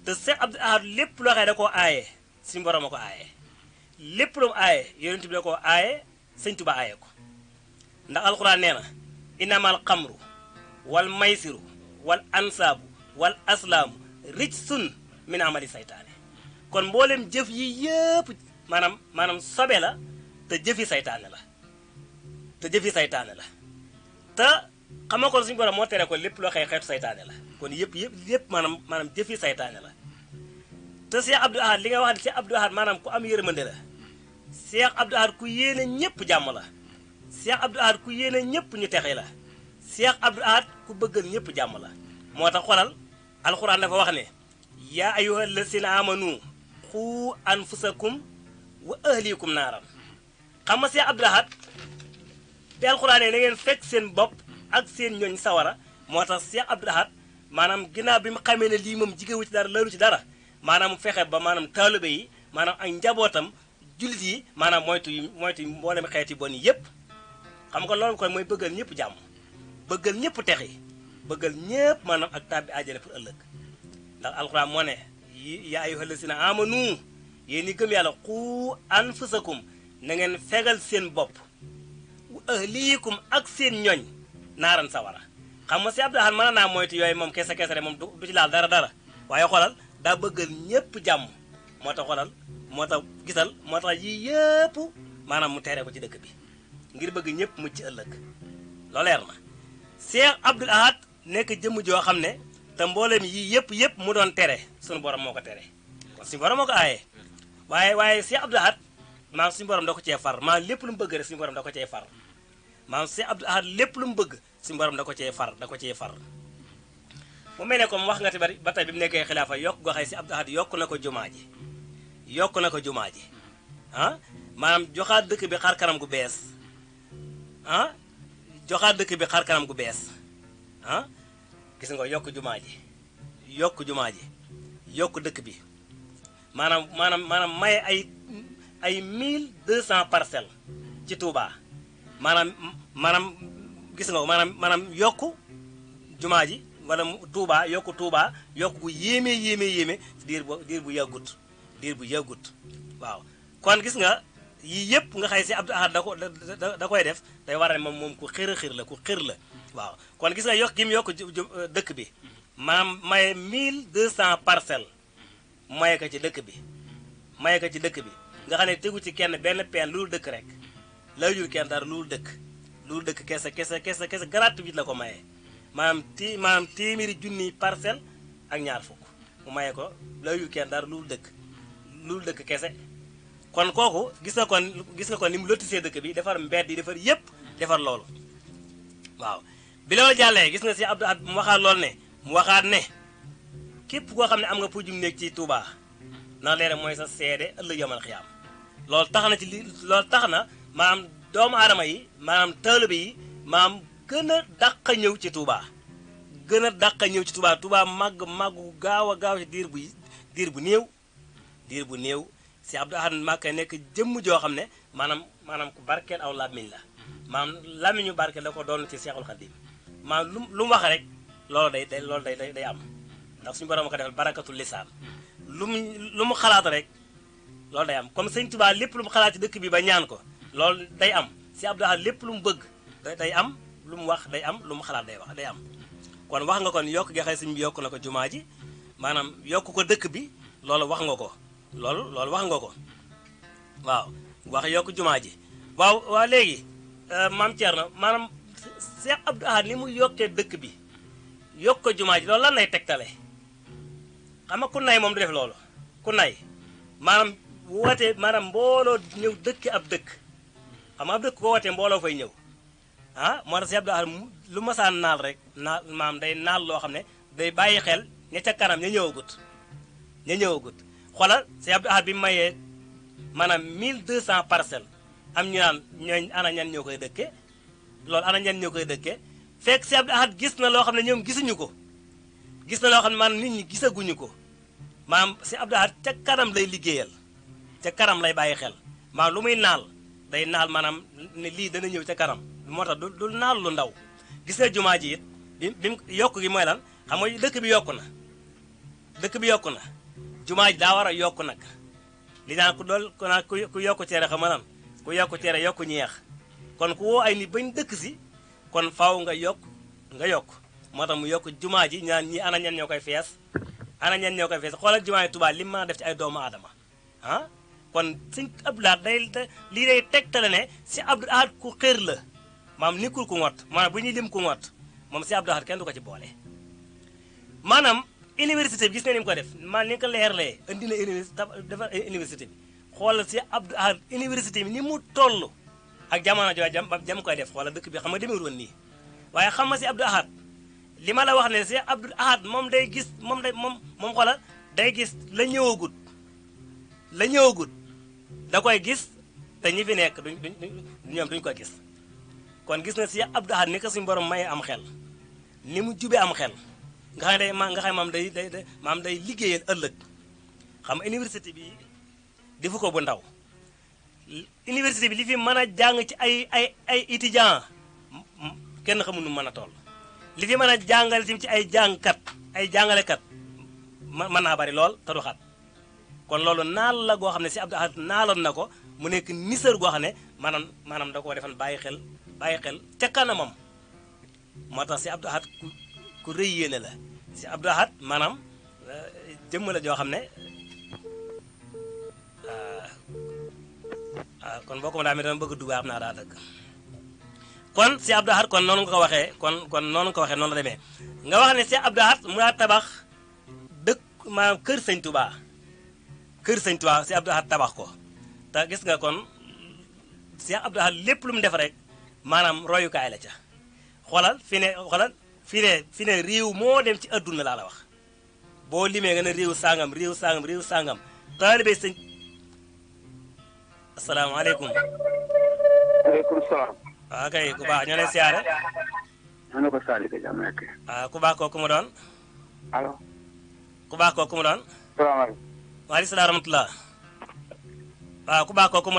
te Seex Abdul lépp loo xam ne da koo aaye suñu borom ko aaye lépp lu mu aaye yonent bi da koo aaye sëñ Tuba aaye ko ndax alxuraan nee na inamal xamru wal maysiru wal ansaabu wal aslaamu rijsun min amali saytaane kon mboolem jëf yi yëpp maanaam maanaam sobe la te jëfi saytaane la te jëfi saytaane la te xama kon suñu borom moo tere ko lépp loo xëy xeetu saytaane la kon yëpp yëpp yëpp maanaam maanaam jëfi seytaane la te Cheikh Abdou Ahad li nga wax ne Cheikh Abdou Ahad maanaam ku am yërmande la Cheikh Abdou Ahad ku yéene ñëpp jàmm la Cheikh Abdou Ahad ku yéene ñëpp ñu texe la Cheikh Abdou Ahad ku bëggal ñëpp jàmm la moo tax xolal alxuraan dafa wax ne yaa ayyuhal lazina amanu xuu anfusakum wa ahlikum naaram xam nga Cheikh Abdou Ahad bi alxuraan ne na ngeen fekk seen bopp ak seen ñooñ sawara moo tax Cheikh Abdou Ahad maanaam ginnaaw bi mu xamee ne lii moom jigéewu ci dara lalu ci dara maanaam fexe ba maanaam taalibe yi maanaam ay njabootam jullit yi maanaam moytu moytu mboolem xeet yi bon yépp xam nga loolu koy mooy bëggal ñëpp jàmm bëggal ñëpp texe bëggal ñëpp maanaam ak tàbbi àjjana pour ëllëg ndax alxuraan moo ne yaa ayyuhal lazina amanu yéen ñi gëm yàlla xu anfusakum na ngeen fegal seen bopp wa kum ak seen ñooñ naaran sawara xam nga si abdoulahan mën naa yooyu moom kese kese rek moom du ci laal dara dara waaye xoolal daa bëggal ñëpp jàmm moo tax xoolal moo tax gisal moo tax yii yëpp maanaam mu tere ko ci dëkk bi ngir bëgg ñëpp mucc ëllëg loo na Cheikh Abdoul Ahad nekk jëmm joo xam ne te mboolem yii yëpp yëpp mu doon tere suñu borom moo ko tere kon suñu borom moo ko aayee waaye waaye Cheikh Abdoul Ahad maam suñu borom da ko cee far maam lépp lu mu bëgg rek suñu borom ko cee far maam Cheikh Abdoul Ahad lépp lu mu bëgg suñu borom da ko cee far da ko cee far. mu mel ne comme wax nga te bari ba tey bi mu nekkee xilaafa yokk goo xay si Abdoul Ahad yokk na ko jumaa ji yokk na ko jumaa ji ah maanaam joxaat dëkk bi xar kanam gu bees ah. joxaat dëkk bi xar kanam gu bees ah gis nga yokk jumaa ji yokk jumaa ji yokk dëkk bi maanaam maanaam maanaam maye ay ay mille deux cent parcelles ci Touba maanaam maanaam gis nga maanaam maanaam yokk jumaa ji wala Touba yokk Touba yokk gu yéeme yéeme yéeme diir bu diir bu yàggut diir bu yàggut waaw kon gis nga. yii yëpp nga xay si Abdou Ahad da koy def day waral moom moom ku xër a xër la ku xër la waaw kon gis nga yokk gi mu yokk euh, dëkk bi maam maye 1200 parcelles maye ko ci dëkk bi maye ko ci dëkk bi nga xam ne tegu ci kenn benn peen loolu dëkk rek la jur kenn dara loolu dëkk lu dëkk kese kese kese kese gratuite la ko maye maam ti maam téeméeri junniy parcelle ñaar fukk mu maye ko la kenn dara loolu dëkk dëkk kese kon kooku gis nga kon gis nga kon ni mu lottisee dëkk bi defar mbedd di defar yépp defar lool waaw bi loolu jàllee gis nga si Abdou Ahad mu waxaat loolu ne mu waxaat ne képp koo xam ne am nga puujum néeg ci Touba na leeral mooy sa seede ëllëg yomal xiyaam loolu tax na ci li loolu tax na maanaam doomu aadama yi maanaam taalibe yi maam gën a dàq ñëw ci Touba gën a dàq ñëw ci Touba Touba màgg màggu gaaw a gaaw ci diir bu diir bu néew diir bu néew si Abdou Ahad maa koy nekk jëmm joo xam ne maanaam maanaam ku barkeel aw làmmiñ la maanaam làmmiñu barkeel da ko doon ci Seexul Xadiim maanaam lu lu mu wax rek loolu day day loolu day day am suñu borom ko defal barakatul lisaan lu mu lu mu xalaat rek loolu day am comme Sëñ Tuubaa lépp lu mu xalaat dëkk bi ba ñaan ko loolu day am si Abdou Ahad lépp lu mu bëgg day am lu mu wax day am lu mu xalaat day wax day am kon wax nga kon yokk gi xëy suñ bi yokk na ko jumaa ji maanaam yokk ko dëkk bi loolu wax nga ko loolu loolu wax nga ko waaw wax yokk jumaa ji waaw waaw léegi euh, maam Thierno maanaam Cheikh Abdou Ahad ni mu yokkee dëkk bi yokk ko jumaa ji loolu lan lay tegtale xam nga ku nay moom du def loolu ku nay maanaam woote maanaam mbooloo ñëw dëkk ab dëkk xam nga ab dëkk ko wootee mbooloo fay ñëw ah moo tax Cheikh Abdou lu masaan naal rek naal maam day naal loo xam ne day bàyyi xel ña ca kanam ña ñëwagut ña ñëwagut xoolal si Abdou Ahad bi mu mayee maanaam 1200 parcelles am ñu naan ñooñ ana ñan ñoo koy dëkke loolu ana ñan ñoo koy dëkke fekk si Abdou Ahad gis na loo xam ne ñoom gisuñu ko gis na loo xam ne maanaam nit ñi gisaguñu ko maam si Abdou Ahad ca kanam lay liggéeyal ca kanam lay bàyyi xel maam lu muy naal day naal maanaam ne lii dana ñëw ca kanam moo tax du du naal lu ndaw gis nga jumaa ji it bi bi yokk gi mooy lan xam nga dëkk bi yokku na dëkk bi yokku na jumaa ji daa war a yokk nag li naan ku dool ku naan yokk cere xam maanaam ku yokk cere yokk ñeex kon ku woo ay nit bañ dëkk si kon faw nga yokk nga yokk moo tax mu yokk jumaa ji ñaan ñi ana ñeen ñoo koy fees ana ñen ñoo koy fees xoolal jumaa yi Tuubaa lim mën def ci ay doomu adama ah? kon sëñ Abdoulaye day lii day tegtale ne si Abdou Ahad ku xër la maam nikul ku ngott maanaam bu ñuy lim ku moom si Abdou Ahad kenn du ko ci boole maanaam université bi gis nga ni mu ko def man ni ko leerlee indi na université defar université bi xoolal si Abdou Ahad université bi ni mu toll ak jamono jooju jam jam koy def xoolal dëkk bi xam nga demewul nii waaye xam nga si Abdou Ahad li ma la wax ne si Abdou Ahad moom day gis moom day moom moom xoolal day gis la ñëwagut la ñëwagut da koy gis te ñi fi nekk duñ duñ ñoom koy gis kon gis na si Abdou Ahad ni ko suñu borom mayee am xel ni mu jube am xel. nga xam ne day ma nga maam day day maam day liggéeyal ëllëg xam université bi defu ko bu ndaw université bi li fi mën a jàng ci ay ay ay étudiant kenn xamul nu mën a toll li fi mën a jàngale tamit ci ay jàngkat ay jàngalekat mën naa bari lool te du xat kon loolu naal la goo xam ne si Abdou Ahad naaloon na ko mu nekk nisër goo xam ne maanaam maanaam da koo defan bàyyi xel bàyyi xel ca kanamam moo tax si Abdou Ahad ku rëy yéene la si Abdou Ahad maanaam euh, jëmm joo xam ne euh, ah, kon boo ko ma daa mel dama bëgg naa daa dëgg kon si Abdou kon noonu nga ko waxee kon kon noonu nga ko waxee noonu la nga wax ne si Abdou Ahad mu daa tabax dëkk maanaam kër sëñ Touba kër sëñ Touba si Abdou tabax ko te gis nga kon si Abdou Ahad lépp lu mu def rek maanaam royukaay la ca xoolal fi xoolal fi ne fi réew moo dem ci adduna laa la wax boo limee nga ne réew sangam réew sangam réew sangam taalibe sëñ asalaamaaleykum. Ah, ku baax ñoo lay siyaare. ko Sadio Gueye am nekk. waaw ku baax kooku mu doon. ku baax kooku mu doon. salaamaaleykum. waaleykum salaam rahmatulah. waaw ku baax kooku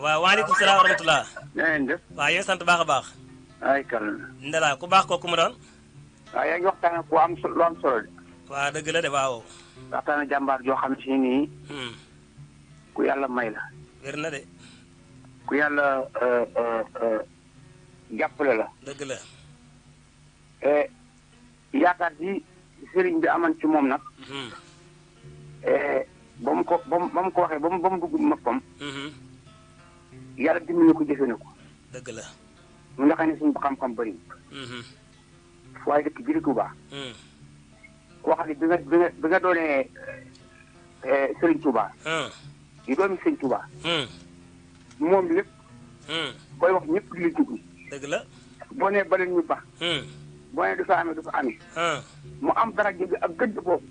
waaw waaleykum salaam wa rahmatulah. na def. waaw yow sant baax a baax. ay kàlla. ndala ku baax kooku mu doon. waaw yaa ngi waxtaan ku am am solo de. waaw dëgg la de waaw. waxtaan jàmbaar joo xam si nii. Hmm. ku yàlla may la. wér de. ku yàlla euh, euh, euh, jàppale la. dëgg la. E, yaakaar ji sëriñ bi aman ci moom nag. ba mu ko ba mu ko ba mu ba mu dugg ma yàlla dimbali ko jëfee na ko. dëgg la. ñu nga xam ne suñu xam-xam bëri. Mm-hmm. waaye dëkk bi di Touba. Mm. koo xam ne bi nga bi nga bi nga doonee eh, Serigne Touba. Mm. di doomi Serigne Touba. Mm. moom lépp. booy wax ñépp di la dugg. dëgg la. boo nee ba leen ñu boo nee du fa amee du fa amee. mu am dara jënd ak gëdd boobu.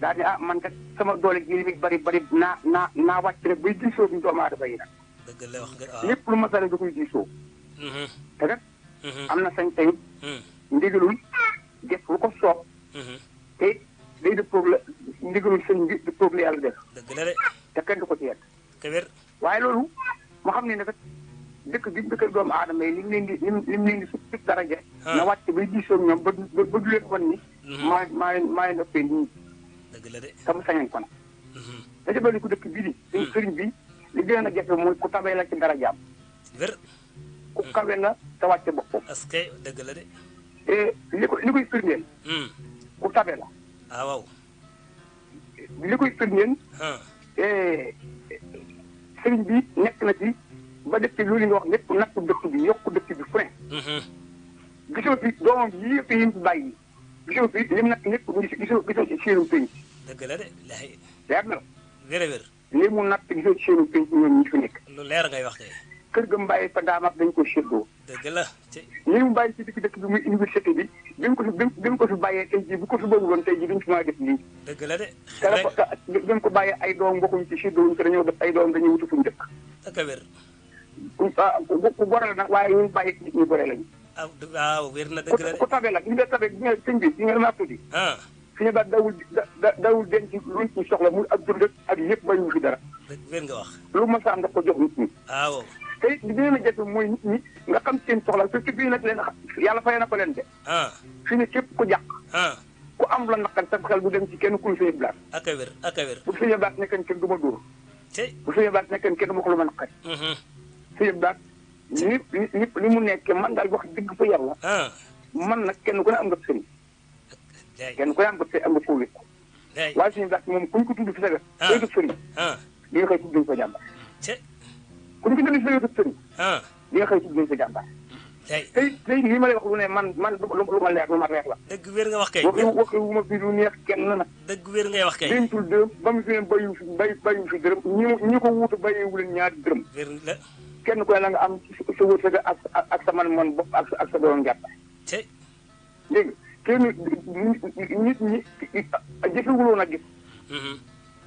daal di ah man kat sama doole ji bari bari naa naa naa wàcc rek buy diisoo bi doomu aadama yi nag. dëgg la wax nga waaw lépp lu ma sale da koy diisoo. te kat. Mhm. am na sañ tayut mhm. ndigalul def lu ko soob. Mhm. te day dëppoog la ndigalul sëñ bi dëppoog la yàlla def. dëgg la de. te kenn du ko ci yet. te wér. waaye loolu mu xam ne ne kat dëkk bi dëkk doomu aadama yi lim leen di lim lim leen di suuf si daraja. Ah. na wàcc bay diisoo ñoom ba du ba du leen wan ni. maa maa maa leen ëppee nit ñi. dëgg la de. te mu sañoon ko nag. da ca bëri ku dëkk bii di. sëriñ bi. li gën a jafe mooy ku tabee la dara jàmm. wér. ku kawe la te wàcce boppam. est-ce que dëgg la de. li koy firndeel. Hmm. ku tabe la. ah waaw. li koy firndeel. sëriñ bi nekk na ci ba def ci loolu li wax lépp nattu dëkk bi yokku dëkk bi fu ne. Hmm. gisoo fi doomam yëpp yi bàyyi gisoo fi lim nag lépp gisoo gisoo ci séeru pénc. dëgg la de laaj. leer na. wér li mu natt gisoo ci seenu pénc ñoom ñi fi nekk. lu leer ngay wax kay. kër ga mu bàyyi fa daam dañ ko séddoo. dëgg la te. li mu bàyyi ci dëkk dëkk bi muy université bi bi mu ko fi bi ko fi bàyyee tey jii bu ko fi bëgg woon tey jii duñ fi mën def lii. dëgg la de. rek dañ ko bàyyee ay doom bokkuñ ci séddoo wuñ ko dañoo def ay doom dañuy wutu fuñ dëkk. dëgg wér. ku gore la nag waaye ñun bàyyi nit ñi gore lañu. ah waaw wér na dëgg la de ku tabe la ñu dee tabe bi nga sëñ bi ñu nga suñu daal dawul da dawul denc luñ ci soxla muy ak dund ak yëpp bàyyiwul fi dara. wér nga wax. lu ma sa am daf ko jox nit ñi. te it li nga xam seen soxla te ci biir nag leen yàlla fay na ko leen de. fi képp ku jàq. ku am la naqar sa xel bu dem ci kenn ku ñu bu suñu blaat nekkoon kenn du ma dóor. te bu suñu blaat nekkoon kenn du ma ko lu ma naqari. Mm-hmm. suñu blaat ni ni ni mu nekk man daal wax dëgg fa yàlla. man nag kenn ku ne am nga sëriñ kenn koy am bët see am nga foofu it. waaye suñu bàq moom ku ñu ko tudd fi sa gëstu. day dugg sëriñ. li nga xëy tudd nañu ko jàmbaar. ku ñu ko tudd fi sa gëstu sëriñ. li nga xëy tudd nañu ko jàmbaar. tey tey nii ma lay wax lu ne man man lu ma leer lu ma leer la. dëgg wér nga wax kay. wax wax wu ma fi lu neex kenn na. dëgg wér ngay wax kay. dentul dërëm ba mu fi ne bayu fi bay bayu fi dërëm ñi ñi ko wuutu bayewu leen ñaari dërëm. wér la. kenn ku ne la nga am sa wërsëg ak ak sa man man bopp ak sa ak sa doon gàtt. tey dégg nga kenn nit ñi jëfewuloon a gis. Mm-hmm.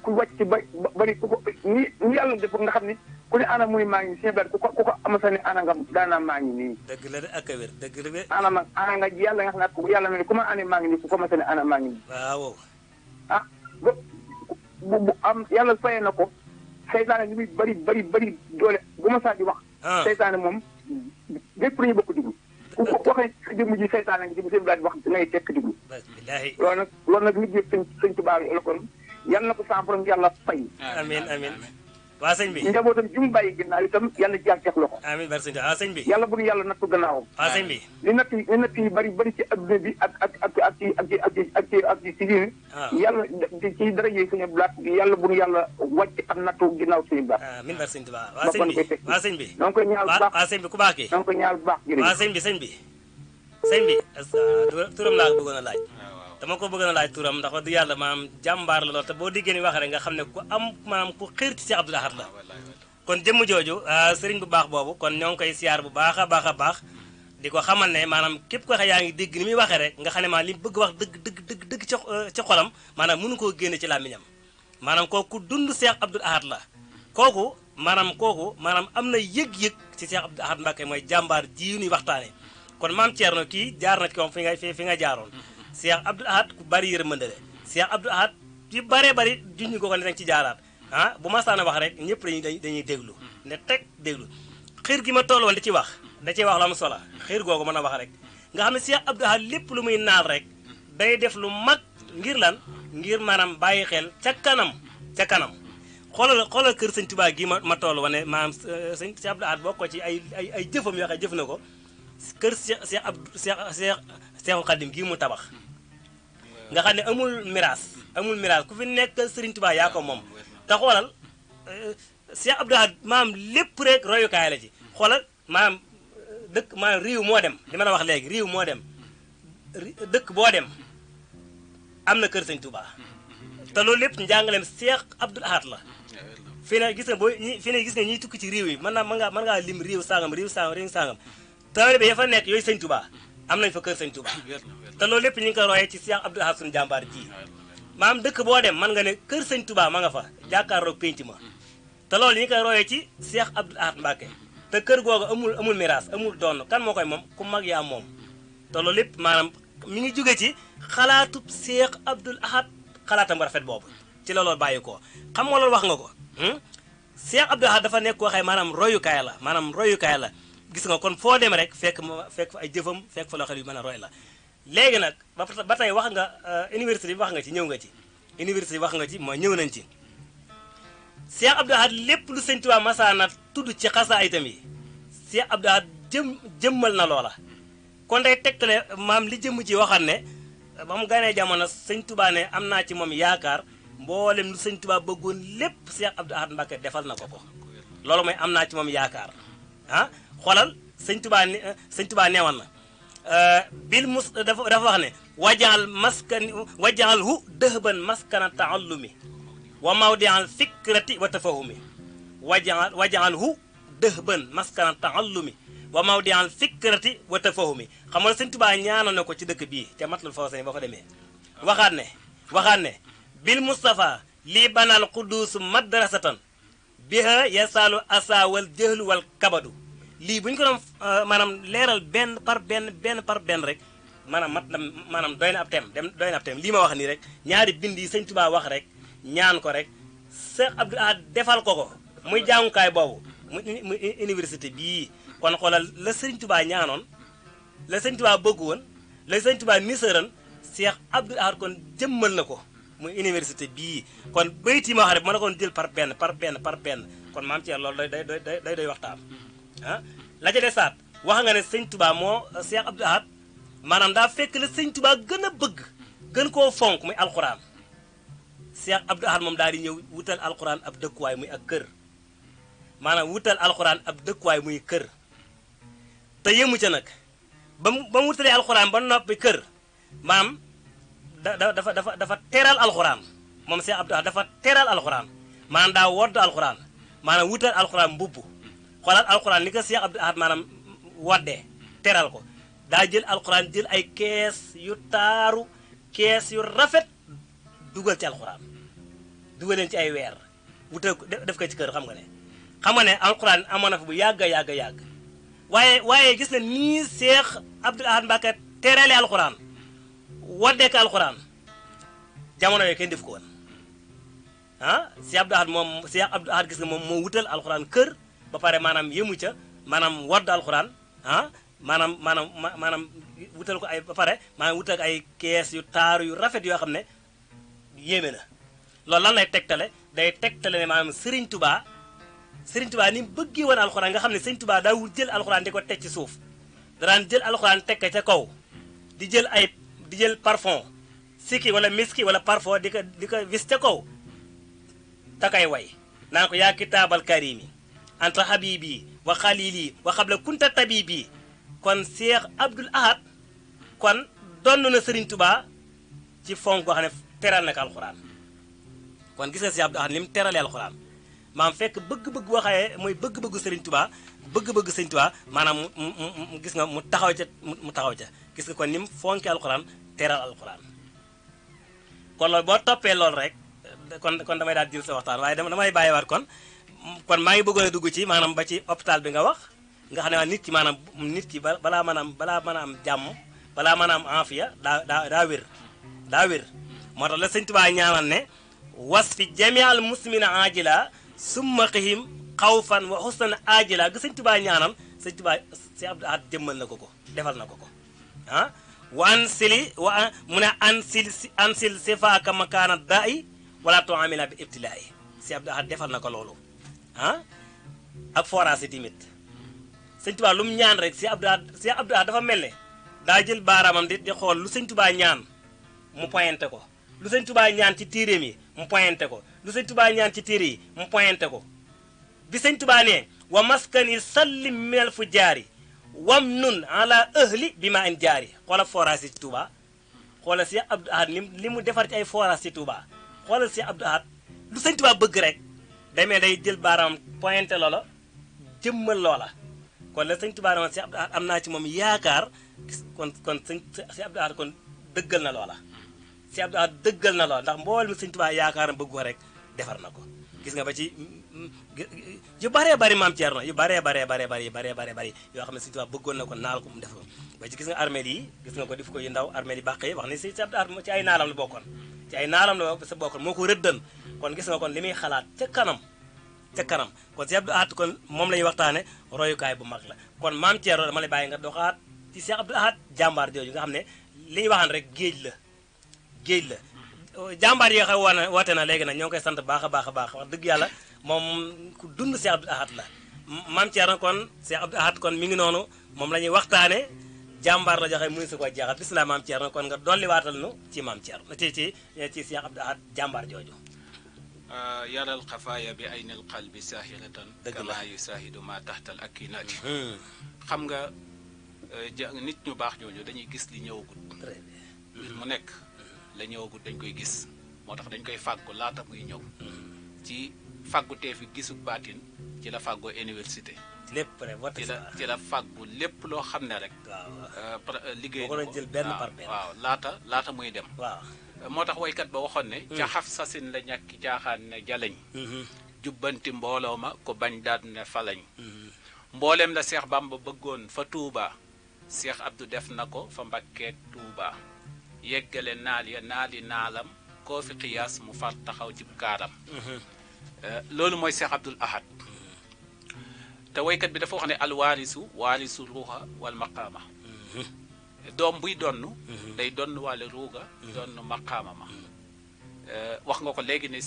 ku wàcc ba bari ku ko ni ni yàlla def nga xam ni ku ne ana muy maa ngi nii ku ko ku ko am sa ne ana nga daanaa maa ngi nii. dëgg la de ak wér dëgg la de. ana ma ana nga yàlla nga xam ne ak yàlla na ne ku ma ane maa ko ma sa ne ana maa ngi nii. ah bu bu am yàlla fayee na ko seytaane li muy bari bari bari doole bu ma saa di wax. Ah. seytaane moom lépp lu ñu bokk dugg. bu ko waxee jëmm ji seytaan ngi ci bu seen daal wax ngay tekk diglu loolu nag loolu nag liggéey sëñ sëñ tubaab yi la kon yal na ko sa borom fay waa sëñ bi njabootam ju mu bàyyi ginnaaw itam yàlla jaar teg loxo amiin bari sëñ bi waa sëñ bi yàlla bu yàlla nattu gannaawam waa yi bari bari ci ak ak ak ak ci ak ci ak ah. yàlla dara yi suñu blaat yàlla bu ñu yàlla wàcc ak nattu ginnaaw suñu baax amiin bari sëñ bi waa sëñ bi waa sëñ bi donc ñaar baax waa sëñ bi ku baax ki baax jërëjëf waa sëñ bi sëñ bi sëñ bi euh, turam laa bëggoon a laaj dama ko bëgg na laaj turam ndax wax dëgg yàlla maanaam jàmbaar la lool te boo diggee ni wax nga xam ne ku am maanaam ku xiir ci Cheikh Abdoul Ahad la kon jëmm jooju ah, sëriñ bu baax boobu kon ñoo ngi koy siyaar bu baax a baax a baax di ko xamal ne maanaam képp ko yaa ngi dégg ni muy waxee rek nga xam ne maanaam li mu bëgg wax dëgg dëgg dëgg dëgg ci eh, ci maanaam mënu koo génne ci làmmiñam maanaam kooku dund Cheikh Abdoul Ahad la kooku maanaam kooku maanaam am na yëg-yëg ci Cheikh Abdoul Ahad Mbacké mooy jàmbaar ji ñuy waxtaane kon maam Thierno kii jaar na ci kawam fi fi nga jaaroon Cheikh Abdoul Ahad ku bari yërmande la Cheikh Abdoul Ahad yu baree bari junj ko ko ne dañ ci jaaraat ah bu ma saan a wax rek ñëpp dañuy dañuy déglu ne teg déglu xiir gi ma toll woon di wax da ciy wax lu am solo xiir googu mën a wax rek nga xam ne Cheikh Abdoul Ahad lépp lu muy naal rek day def lu mag ngir lan ngir maanaam bàyyi xel ca kanam ca kanam xoolal xoolal kër sëñ Tuubaa gii ma ma toll wane maanaam euh, sëñ Cheikh Abdoul Ahad bokk ko ci ay ay ay jëfam yoo xam ne jëf na ko kër Cheikh Cheikh Abdou Cheikh Cheikh Seexul Xadim gii mu tabax nga xam ne amul miraas amul miraas ku fi nekk Serigne Touba yaa ko moom te xoolal euh, Cheikh Abdou Ahad maam lépp rek royukaay la ci xoolal maam euh, dëkk maam riiw moo dem li ma la wax léegi riiw moo dem dëkk boo dem am na kër Serigne Touba te loolu lépp njàngaleem Cheikh Abdou Ahad la fii gis nga boo fii na gis nga ñuy tukki ci riiw yi mën naa mën ngaa mën ngaa lim riiw sangam riiw sangam riiw sangam taalibe ya fa nekk yooyu Serigne Touba am nañ fa kër sëñ Touba te lool lépp ñu ngi ko royee ci Cheikh Abdou Ahad suñu jàmbaar ji maam dëkk boo dem man nga ne kër sëñ Touba ma nga fa jàkkaarloog pénc ma te loolu ñu ngi koy royee ci Cheikh Abdou Ahad Mbacké te kër googu amul amul miraas amul doon kan moo koy moom ku mag yaa moom te loolu lépp maanaam mu ngi jóge ci xalaatub Cheikh Abdou Ahad xalaatam bu rafet boobu ci la loolu bàyyi ko xam nga lool wax nga ko Cheikh hmm? Abdou Ahad dafa nekk koo xay maanaam royukaay la maanaam royukaay la gis nga kon foo dem rek fekk ma fekk fa ay jëfam fekk fa loo xam ne mën a roy la léegi nag ba tey wax nga euh, université bi wax nga ci ñëw nga ci université bi wax nga ci mooy ñëw nañ ci Cheikh Abdou lépp lu Sëñ Tuubaa masaana tudd ci xasaa itam yi Cheikh Abdou Ahad jëm jëmmal na loola kon day tegtale maam li jëmm ji waxaat ne ba mu ganee jamono Sëñ Tuubaa ne am naa ci moom yaakaar mboolem lu Sëñ tubaa bëggoon lépp Cheikh Abdou Ahad defal na ko ko mooy am naa ci moom yaakaar ah? xoolal sëñ tubaa ne sëñ tubaa neewoon na euh, bil mus dafa dafa wax ne wajaal maskan wajaal hu dëhban maskana taallumi wa mawdial fikrati wa tafahumi wajaal hu dëhban maskana taallumi wa mawdial fikrati wa tafahumi xam nga sëñ tubaa ñaanoon na ko ci dëkk bii ca matlul fawsayni boo fa demee waxaat ne waxaat ne bil mustapha lii banal quduus madrasatan biha yasaalu asaawal jëhlu wal kabadu lii bu ñu ko doon euh, maanaam leeral benn par benn benn par benn rek maanaam mat na maanaam doy na ab tem dem doy na ab lii ma wax nii rek ñaari bind yi sëñ Tuubaa wax rek ñaan ko rek Cheikh Abdou Ahad defal ko ko muy jàngukaay boobu mu mu bii kon xoolal la sëñ Tuubaa ñaanoon la sëñ Tuubaa bëgg woon la sëñ Tuubaa nisëran Cheikh Abdou Ahad kon jëmmal na ko muy université bii kon bayt yi ma wax rek mën na koon jël par benn par benn kon maam ci loolu day day day day ah la ca desaat wax nga ne sëñ Touba moo Cheikh euh, Abdou Ahad maanaam daa fekk la sëñ Touba gën a bëgg gën koo fonk muy alxuraan Cheikh Abdou Ahad moom daal di ñëw wutal alxuraan ab dëkkuwaay muy ak kër maanaam wutal alxuraan ab dëkkuwaay muy kër te yëmu ca nag ba mu ba mu wutalee alxuraan ba noppi kër maam da dafa dafa dafa teral alxuraan moom Cheikh Abdou Ahad dafa teral alxuraan maanaam daa wodd alxuraan maanaam wutal alxuraan mbubb xoolaat alxuraan li ko Cheikh Abdou Ahad maanaam waddee teral ko daa jël alxuraan jël ay kees yu taaru kees yu rafet dugal ci alxuraan dugal leen ci ay weer wutal ko def ko ci kër xam nga ne xam nga ne alxuraan amoon na fi bu yàgg a yàgg a yàgg waaye waaye gis na nii Cheikh Abdou Ahad Mbacké terelee alxuraan waddee ko alxuraan jamono yooyu kenn def ko woon ah Cheikh Abdou moom Cheikh Abdou gis nga moom moo wutal alxuraan kër ba pare maanaam yéemu ca maanaam wadd alxuraan ah maanaam maanaam maanaam wutal ko ay ba pare maanaam wutal ko ay kees yu taaru yu rafet yoo xam ne yéeme na loolu lan lay tegtale day tegtale ne maanaam sëriñ tubaa Serigne Touba ni mu bëggee woon alxuraan nga xam ne Serigne Touba daawul jël alxuraan di ko teg ci suuf danaan jël alxuraan teg ca kaw di jël ay di jël parfon sikki wala miski wala parfum di ko di ko wis ca kaw takay way naa ko yaa kitaabal mi anta habibi wa xalili wa xabla kunta tabibi kon Cheikh Abdoul Ahad kon donn na sëriñ tubaa ci fonk wax xam teral na ko alxuraan kon gis nga ni mu teralee alxuraan maam fekk bëgg-bëgg boo xawee bëgg-bëggu bëgg-bëgg Serigne maanaam gis nga mu taxaw ja mu taxaw ca gis nga kon ni mu fonkee alxuraan teral alxuraan kon loolu boo toppee loolu rek kon kon damay daal jël sa waxtaan waaye damay bàyyiwaat kon. kon maa ngi bëggoon a dugg ci maanam ba ci hôpital bi nga wax nga xam ne nit ki maanaam nit ki balaa mën a am balaa mën a am jàmm balaa mën a am aafiya daa daa daa wér daa wér moo tax la sëñ Tuubaa ñaanal ne was fi jamial muslimina ajila summa xihim xawfan wa xusnan ajila gi sëñ Tuubaa ñaanal sëñ Tuubaa si Abdou Ahad jëmmal na ko ko defal na ko ko ah wa an sili wa mu ne an sil makaana daa i wala tuamila bi ibtilaa i si Abdou Ahad defal na ko loolu ah ak forage yi tamit sëñ Tuubaa lu mu ñaan rek si Abdoulaye si Abdoulaye dafa mel ne daa jël baaraamam di di xool lu sëñ Tuubaa ñaan mu pointé ko lu sëñ ñaan ci téeréem yi mu pointé ko lu sëñ Tuubaa ñaan ci téere yi mu pointé ko bi sëñ Tuubaa ne wa maskani sallim minal fu jaari wam nun ala ëhli bi ma jaari xoola forage yi ci si Abdou Ahad li mu defar ci ay forage si Abdou lu sëñ Tuubaa bëgg rek day mel day jël baaraam pointé loola jëmmal loola kon la sëñ Tuubaa dama si am naa ci moom yaakaar kon kon sëñ si Abdou kon dëggal na loola si Abdou Ahad dëggal na loola ndax mbool mi sëñ Tuubaa yaakaaram bëgg ko rek defar na ko gis nga ba ci yu baree bari maam Thierno yu baree baree baree bari yu baree baree bari yoo xam ne sëñ Tuubaa bëggoon na ko naal ko mu def ba ci gis nga armeel yi gis nga ko def ko yu ndaw armeel yi bàq yi wax ne si si Abdou ci ay naalam la bokkoon ci ay naalam la sa bokkal moo ko rëddal kon gis nga kon li muy xalaat ca kanam ca kanam kon Cheikh Abdou Ahad kon moom la ñuy royukaay bu mag la kon maam Thierno dama lay bàyyi nga doxaat ci Cheikh Abdou jàmbaar jooju nga xam ne li ñu rek géej la géej la jàmbaar yi nga xam ne woote na léegi nag ñoo ngi koy sant baax a baax a baax wax dëgg yàlla moom ku dund Cheikh Abdou Ahad la maam Thierno kon Cheikh Abdou Ahad kon mi ngi noonu moom la ñuy waxtaane jàmbaar la joxe muy su ko jeexal bisimilah maam Thierno kon nga dolli waatal nu ci maam Thierno ci ci ci Cheikh Abdou Ahad jàmbaar jooju ah, yaral xafaaya bi ay nil qalbi saahiratan kama yusaahidu ma taxtal akinaati hmm. xam nga eh, nit ñu baax jooju dañuy gis li ñëwagut mu nekk la ñëwagut dañ koy gis moo tax dañ koy fàggu laata muy ñëw hmm. ci fàggutee fi gisu baatin ci la fàggoo université lépp rek ci la ci la lépp loo xam ne rek. waaw euh, euh, liggéey na ko jël benn waaw laata laata muy dem. waaw moo tax woykat ba waxoon ne. Hmm. ca xaf sasin la ñàkki caaxaan ne jaleñ hmm. jubbanti mbooloo ma ko bañ daat ne falañ. Hmm. mboolem la seex bamba bëggoon fa Touba. seex Abdou def na ko fa Mbakkeeg Touba. yeggale naal ya naali naalam koo fi xiyaas mu far taxaw ci kaaram. Euh, loolu mooy seex Abdul Ahad. te waykat bi dafa wax ne alwaarisu waarisu ruuxa wal maqaama mhm. doom buy donn mhm. day donn wàlle ruuga mhm. donn maqaama ma eh, wax nga ko léegi ne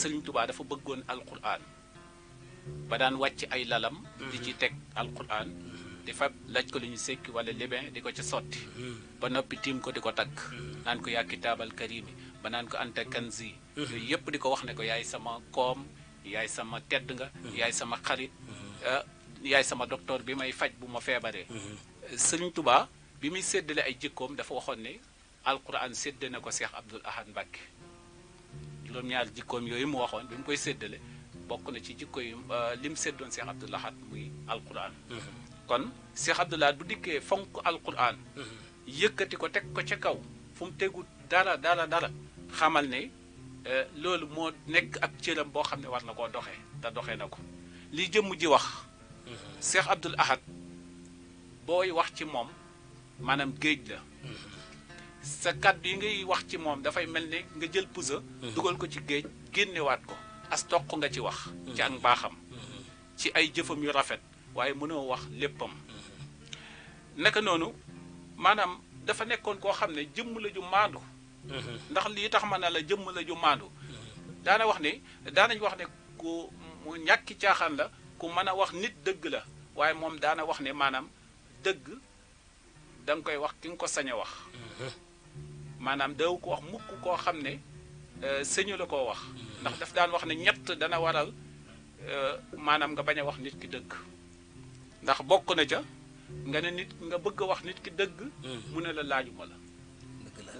sëriñ tubaa dafa bëggoon alquran ba daan wàcc ay lalam di ci teg alquran di fab laaj ko lu ñu sekki wala libin di ko ca sotti ba noppi tiim ko di ko takk naan ko yaa kitaabal karimi ba naan ko anta kanzi yooyu yëpp di ko wax ne ko yaay sama koom yaay sama tedd nga yaay sama xarit Euh, yaay sama docteur bi may faj bu ma feebaree. Mhm. sëriñ tubaa bi muy séddale ay jikkoom dafa waxoon ne alquran séddale na ko Cheikh Abdoul Ahad Mbacké juróom-ñaar jikkoom yooyu mu waxoon bi mu koy séddale bokk na ci jikko yu euh, lim séddoon Cheikh Abdoul Ahad muy alquran. Mhm. kon Cheikh Abdoul Ahad bu dikkee fonk alquran. Mhm. yëkkati ko teg ko ca kaw fu mu tegu dara dara dara xamal ne euh, loolu moo nekk ab cëram boo xam ne war na koo doxee te doxe na ko. li jëmm ji wax Cheikh Abdoul Ahad booy wax ci moom maanaam géej la sa kàddu yi ngay wax ci moom dafay mel ne nga jël pusa dugal ko ci géej génnewaat ko astoq nga ci wax ci ak mbaaxam ci ay jëfam yu rafet waaye mënoo wax léppam naka noonu maanaam dafa nekkoon koo xam ne jëmm la ju maandu ndax lii tax ma ne la jëmm la ju maandu daana wax ne daanañ wax ne ku mu ñàkki caaxaan la ku mën a wax nit dëgg la waaye moom daana wax ne maanaam dëgg danga koy wax ki nga ko sañ a wax mhm. maanaam daw ko wax mukk koo xam ne euh, sëñu la ko wax mhm. ndax daf daan wax ne ñett dana waral euh, maanaam nga bañ a wax nit ki dëgg ndax bokk na ca nga ne nit nga bëgg wax nit ki dëgg mhm. mu ne la laajuma la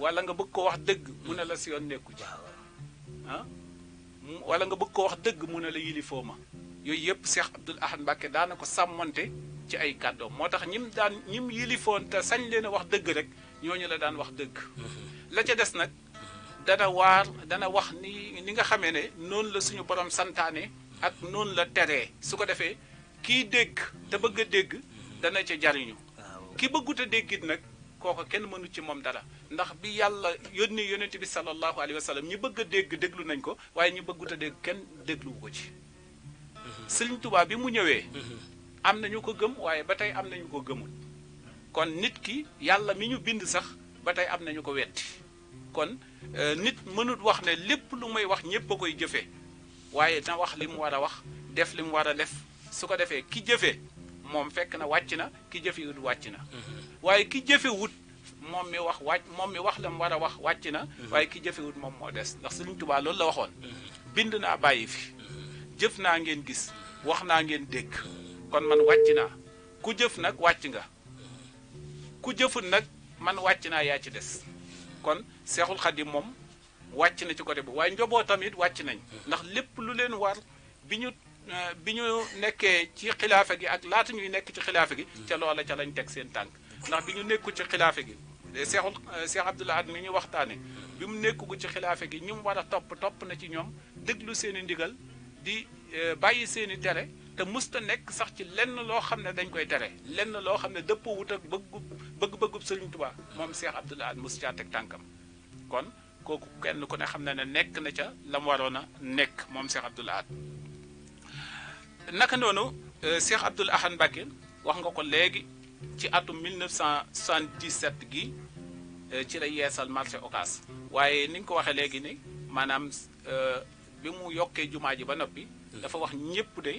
wala nga bëgg ko wax dëgg mu ne la si yoon nekku ci wala nga bëgg ko wax dëgg mun ne la yilifoo ma yooyu yëpp Cheikh Abdoul Ahad Mbacké daana ko sàmmante ci ay kàddoom moo tax ñim daan ñim yilifoon te sañ leen wax dëgg rek ñooñu la daan wax dëgg mm-hmm. la ca des nag dana waar dana wax ni ni nga xamee ne noonu la suñu borom santaane ak noonu la teree su ko defee kii dégg te bëgg a dégg mm-hmm. dana ca jariñu ki bëggut a déggit nag kooku kenn mënu ci moom dara ndax bi yàlla yónnee yonent bi sallallahu alayhi wa sallam ñi bëgg a dégg déglu nañ ko waaye ñi bëggut a dégg kenn dégluwu ko ci. Mhm. Sëriñ tubaab bi mu ñëwee. Mhm. am na ñu ko gëm waaye ba tey am na ñu ko gëmul. kon nit ki yàlla mi ñu bind sax ba tey am na ñu ko wetti kon euh, nit mënut wax ne lépp lu may wax ñépp a koy jëfe waaye na wax li mu war a wax def li mu war a def su ko defee ki jëfe moom fekk na wàcc na ki jëfewut wàcc na mm-hmm. waaye ki jëfewut moom mi wax wàcc moom mi wax la mu war a wax wàcc na mm-hmm. waaye ki jëfewut moom moo des ndax Sëriñ Tuubaa loolu la waxoon mm-hmm. bind naa bàyyi fi jëf naa ngeen gis wax naa ngeen dégg kon man wàcc naa ku jëf nag wàcc nga ku jëfut nag man wàcc naa yaa ci des kon Seexul Xadim moom wàcc na ci côté bu waaye njoboo tamit wàcc nañ ndax lépp lu leen war bi ñu Euh, bi ñu nekkee ci xilaafa gi ak laata ñuy nekk ci xilaafa gi ca loola ca lañ teg seen tànk ndax bi ñu nekku ci xilaafa gi eh, seexul eh, seex abdul ahad mi ñu waxtaane bi mu nekkugu ci xilaafa gi ñu mu war topp topp na ci ñoom déglu seen i ndigal di eh, bàyyi seen i tere te musta nekk sax ci lenn loo xam ne dañ koy tere lenn loo xam ne dëppoo wut ak bëggu bëgg-bëggub sëriñ Tuubaa moom seex abdul ahad mos caa teg tànkam kon kooku kenn ku ne xam ne ne nekk na ca la mu waroon a nekk moom seex abdul ahad naka noonu euh, Cheikh Abdoul Ahad Mbacké wax nga ko léegi ci atum 1977 gi euh, ci la yeesal marché Ocass waaye ni nga ko waxee léegi ni maanaam euh, bi mu yokkee jumaa ji ba noppi dafa wax ñépp de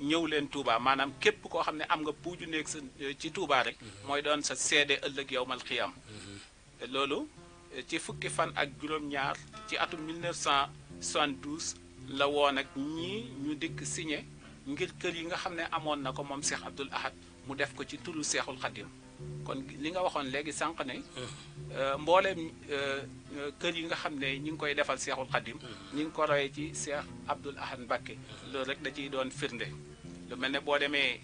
ñëw leen Touba maanaam képp koo xam ne am nga puuju néeg sa ci Touba rek mhm. mooy doon sa seede ëllëg yowmal xiyam mhm. loolu ci fukki fan ak juróom-ñaar ci atum 1972 la woon ak ñii ñu dikk signé ngir kër yi nga xam ne amoon na ko moom Cheikh Abdoul Ahad mu def ko ci turu seexul Khadim kon li nga waxoon léegi sànq ne euh, mbooleem euh, kër yi nga xam ne ñi ngi koy defal Cheikhul Khadim ñi ngi ko royee ci Cheikh Abdoul Ahad Mbacké loolu rek da ciy doon firnde lu mel ne boo demee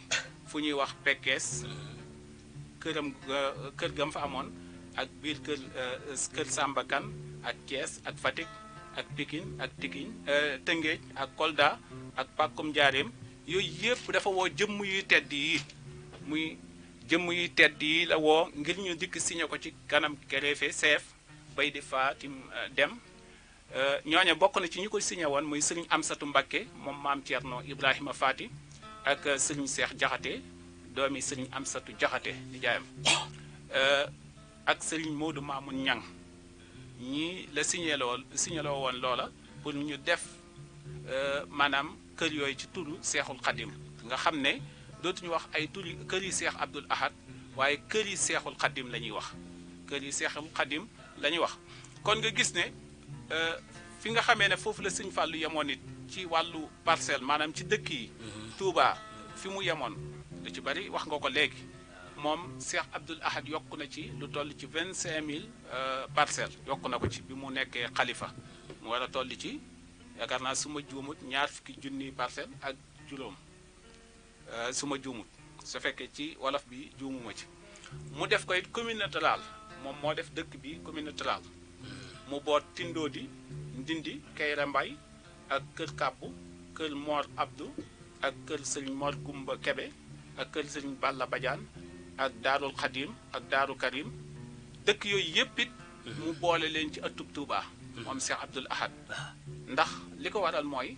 fu ñuy wax Pekes këram kër gam fa amoon ak biir kër euh, kër Samba ak Thiès ak fatik ak pikin ak Tikiñ euh, Tëngéej ak Kolda ak Pàkkum Njaareem yooyu yëpp dafa woo jëmm yuy tedd yi muy jëmm yuy tedd yi la woo ngir ñu dikk signé ko ci kanam kerefe seef bay di faatim euh, dem euh, ñooñe bokk na ci ñu ko signé woon muy sëriñ Amsatu Mbakke moom maam noo Ibrahima Faati ak sëriñ Seex Jaxate doomi sëriñ Amsatu Jaxate nijaayam ak sëriñ Moodu Maamun Ñang ñii la signaloo signaloo woon loola pour ñu def euh, maanaam kër yooyu ci turu seexul xadim nga xam ne dootuñu wax ay turi kër yi seex Abdul Ahad waaye kër yi seexul xadim la ñuy wax kër yi seexul xadim la wax kon nga gis ne euh, fi nga xamee ne foofu la sëñ Fallou yemoon it ci wàllu parcelle maanaam ci dëkk yi mm-hmm. Touba fi mu yemoon lu ci bari wax nga ko léegi moom Cheikh Abdoul Ahad yokk na ci lu toll ci vingt cinq mille euh, parcelles yokk na ko ci bi mu nekkee xalifa mu war toll ci yaakaar naa su ma juumut ñaar fukki junni parcelle ak juróom euh, suma ma juumut su fekkee ci wolof bi juumuma ci mu def ko it communauté rurale moom moo def dëkk bi communauté rurale mu boot Tindoodi Ndindi Kayra Mbay ak Kër Kàbbu Kër Mor Abdou ak Kër Sëriñ Mor Gumba Kebe ak Kër sëñ Balla Badiane ak daarul xadim ak daaru karim dëkk yooyu yëpp it mhm. mu boole leen ci ëttub Tuuba mhm. moom Cheikh Abdoul Ahad ah. ndax li ko waral mooy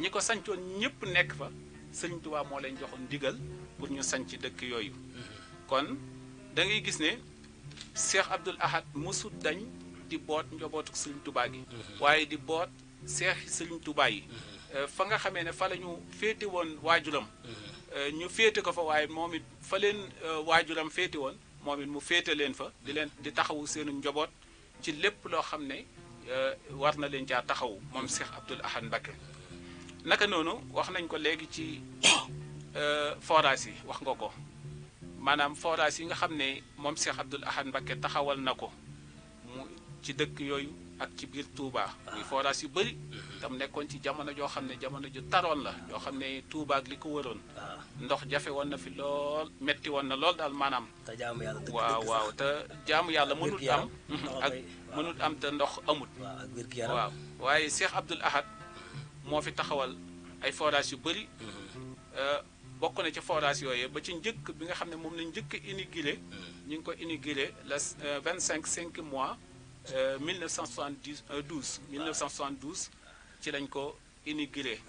ñi ko sancoon ñëpp nekk fa sëñ tubaa moo leen joxoon digal pour ñu sanc dëkk yooyu mhm. kon da ngay gis ne Cheikh Abdoul Ahad mësul dañ di boot njobootuk sëriñ tubaa gi waaye di boot seex sëriñ Tuuba yi euh, fa nga xamee ne fa la ñu féete woon waajuram Euh, ñu féete ko fa waaye moom it fa leen euh, waajuram féete woon moom it mu féete leen fa di leen di taxawu seenu njaboot ci lépp loo xam ne euh, war na leen caa taxawu moom Cheikh Abdoul Ahad Mbacké naka noonu wax nañ ko léegi ci forage yi wax nga ko maanaam forage yi nga xam ne moom Cheikh Abdoul Ahad Mbacké taxawal na ko mu ci dëkk yooyu ak ci biir Touba. muy forage yu bëri. Mhm. tam nekkoon ci jamono joo xam ne jamono ju taroon la. yoo xam ne Touba ak li ko wëroon. Ah. ndox jafe woon na fi lool metti woon na lool daal maanaam. te jaamu waaw waaw te jaamu yàlla mënul am. ak mënul am te ndox amut. waaw waaye Cheikh Abdoul Ahad mhm. moo fi taxawal ay forage yu bëri. Mhm. Euh, bokk na ci forage yooyu ba ci njëkk bi nga xam ne moom lañ njëkk a inauguré. ñu ngi ko inauguré le vingt cinq cinq mois. 1972 euh, 1972 euh, ci lañ ko inauguré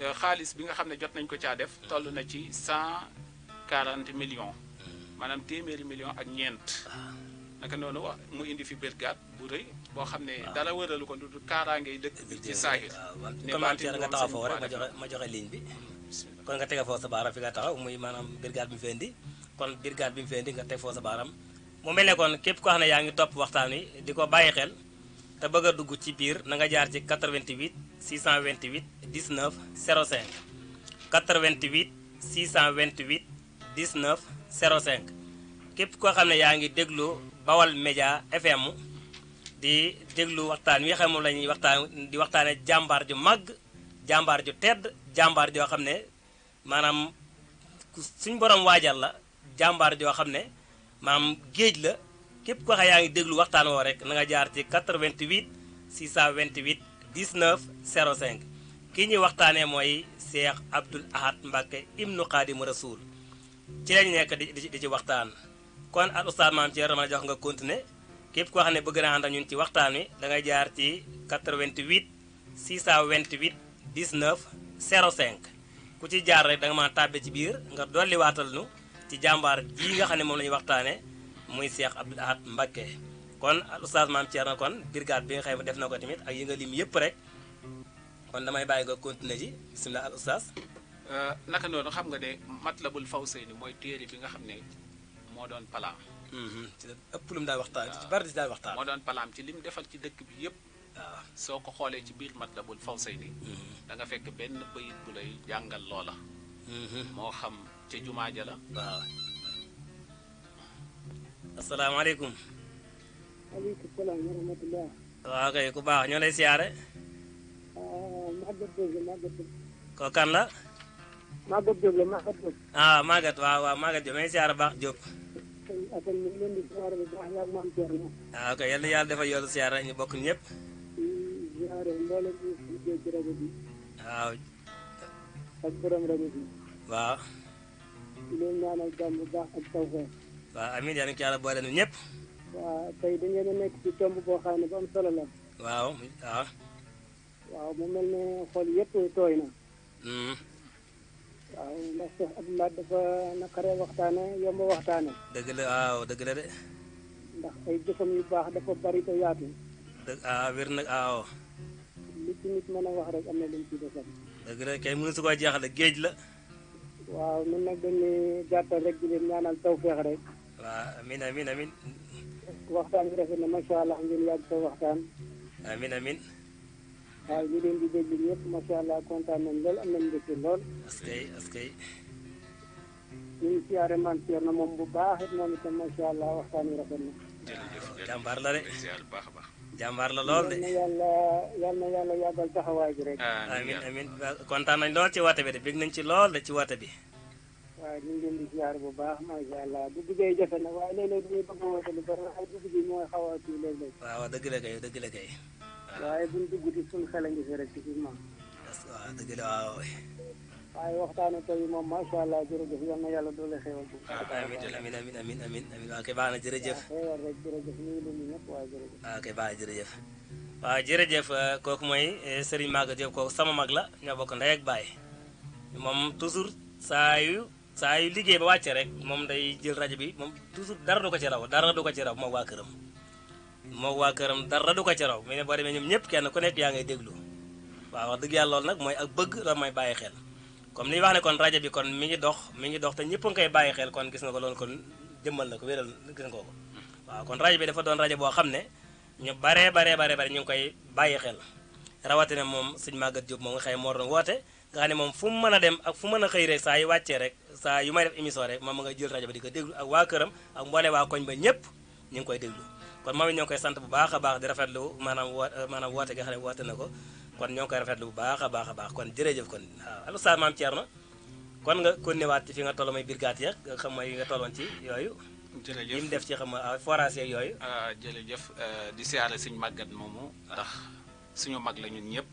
euh, xaalis bi nga xam ne jot nañ ko caa def toll na ci 140 millions maanaam téeméeri million ak ñeent naka noonu wax mu indi fi brigade bu rëy boo xam ne dara wëralu ko lu dul kaaraangey dëkk bi ci saahir ne baati nga taxaw foofu rek ma joxe ma joxe ligne bi kon nga tega foofu sa baaram fi nga taxaw muy maanaam brigade bi mu fi indi kon brigade bi mu fi nga teg foofu sa baaram mu mel ne kon képp koo xam ne yaa ngi topp waxtaan wi di ko bàyyi xel te bëgg a dugg ci biir na nga jaar ci 88 628 19 05 88 628 19 05 képp koo xam ne yaa ngi déglu Bawal Média FM di déglu waxtaan wi xam moom la ñuy waxtaan di waxtaanee jàmbaar ju màgg jàmbaar ju tedd jàmbaar joo xam ne maanaam suñ borom waajal la jàmbaar joo xam ne. maam géej la képp ko xam yaa ngi déglu waxtaan woo rek na nga jaar ci 88 628 19 05 kii ñuy waxtaanee mooy Cheikh Abdoul Ahad Mbacké ibnu Xaadimu Rasuul ci lañ nekk di di ci waxtaan kon al oustaz maam ci rama jox nga continuer képp koo xam ne bëgg naa ànd ak ñun ci waxtaan wi da ngay jaar ci 88 628 19 05 ku ci jaar rek da nga mën a ci biir nga dolliwaatal nu ci jàmbaar jii nga xam ne moom la ñuy waxtaanee muy Cheikh Abdoul Ahad Mbacké kon oustaz maam Thierno kon brigade bi nga xam ne def na ko tamit ak yi nga lim yëpp rek kon damay bàyyi nga continuer ji bisimilah al oustaz. Euh, naka noonu xam nga la ne Matlabul Fawzayni mooy téere bi nga xam ne moo doon palaam. Mhm. ci ëpp lu mu daal waxtaan ci bari daal waxtaan. moo doon palaam ci lim defal ci dëkk bi yëpp. soo ko xoolee ci biir Matlabul Fawzayni. Mhm. da nga fekk benn bayit bu lay jàngal loola. Mhm. ca jumaa ja la waaw asalaamaaleykum aleykum salaam wa ku baax ñoo lay siyaare ah, Maguette Diop la Maguette la Maguette Diop la ah, Maguette waaw waaw Maguette may siyaare baax Diop waaw ah, yal na yàlla defal yoolu siyaare ñu bokk ñëpp waaw di leen ñaanal jàmm bu baax ak tawfeex. waaw amiin yaa ngi ci yàlla boole nu waaw tey da ngeen a nekk ci tomb boo xam bu am solo la. waaw waaw. waaw mu mel ne xol yëpp tooy na. Hmm. waaw ndax Cheikh Abdoulaye dafa naqaree waxtaane yomb waxtaane. dëgg la waaw dëgg la de. ndax ay jëfam yu baax dafa bari te yaatu. dëgg ah, nag waaw. li ci nit mën a wax rek am na lu ci defal. dëgg la kay mënu su ko jeexal géej la. waaw ñun nag dañuy gàttal rek di leen ñaanal tawféex rek. waaw amin waxtaan bi rafet na macha allah ngeen yàgg sa waxtaan. amin amin waaw ñu leen di déglu ñëpp macha kontaan nañ lool lool. askay askay. ñu ngi siyaare man na moom bu baax it moom itam waxtaan wi rafet na. jërëjëf jàmbaar la lool de yal na yàlla yàggal taxawaay bi rek. kontaan nañ lool ci woote bi de bég nañ ci lool de ci woote bi. waaw ñu ngi leen di ziar bu baax macha allah bu duggee jafe na waaye léeg-léeg dañuy bëgg a woote lu bari waaye dugg bi mooy xaw a kii léeg-léeg. waaw dëgg la la kay. waaye buñ dugg ci waaw kay baax na jërëjëf xéwal rek jërëjëf ñu ngi leen di euh, kooku mooy euh, Serigne Maga Diop kooku sama mag la ñoo bokk ndey ak baay moom toujours saa yu saa yu liggéey ba wàcce rek moom day jël rajo bi moom toujours dara du ko ci raw dara du ko ci raw moo waa këram moom waa këram dara du ko ci raw mais boo demee ñoom ñëpp kenn ku nekk yaa ngi déglu waaw wax dëgg yàlla loolu nag mooy ak bëgg la may bàyyi xel comme li wax ne kon rajo bi kon mi ngi dox mi ngi dox te ñëpp a koy bàyyi xel kon gis nga ko loolu kon jëmmal na ko wéral gis nga ko waaw kon rajo bi dafa doon rajo boo xam ne ñu baree bare baree bare ñu ngi koy bàyyi xel rawatina moom sëñ Maguette Diop moom nga xëy moo woote nga moom fu mu mën a dem ak fu mën a xëy rek saa yu wàccee rek saa yu may def émission rek moom ma nga jël rajo bi di ko déglu ak waa këram ak mboole waa koñ ba ñëpp ñu ngi koy déglu kon moom it ñoo ngi koy sant bu baax a baax di rafetlu maanaam woo maanaam woote nga xam ne woote na ko kon ñoo ngi koy rafetlu bu baax a baax a baax kon jërëjëf kon waaw Oustaz Mame Thierno kon nga kon ci fi nga toll mooy biir gàtt yeeg xam nga yi nga tolloon ci yooyu. jërëjëf def ci xam nga ah, forage yeeg yooyu. Ah, jërëjëf euh, di siyaare suñ màggat moomu ndax suñu mag la ñun ñëpp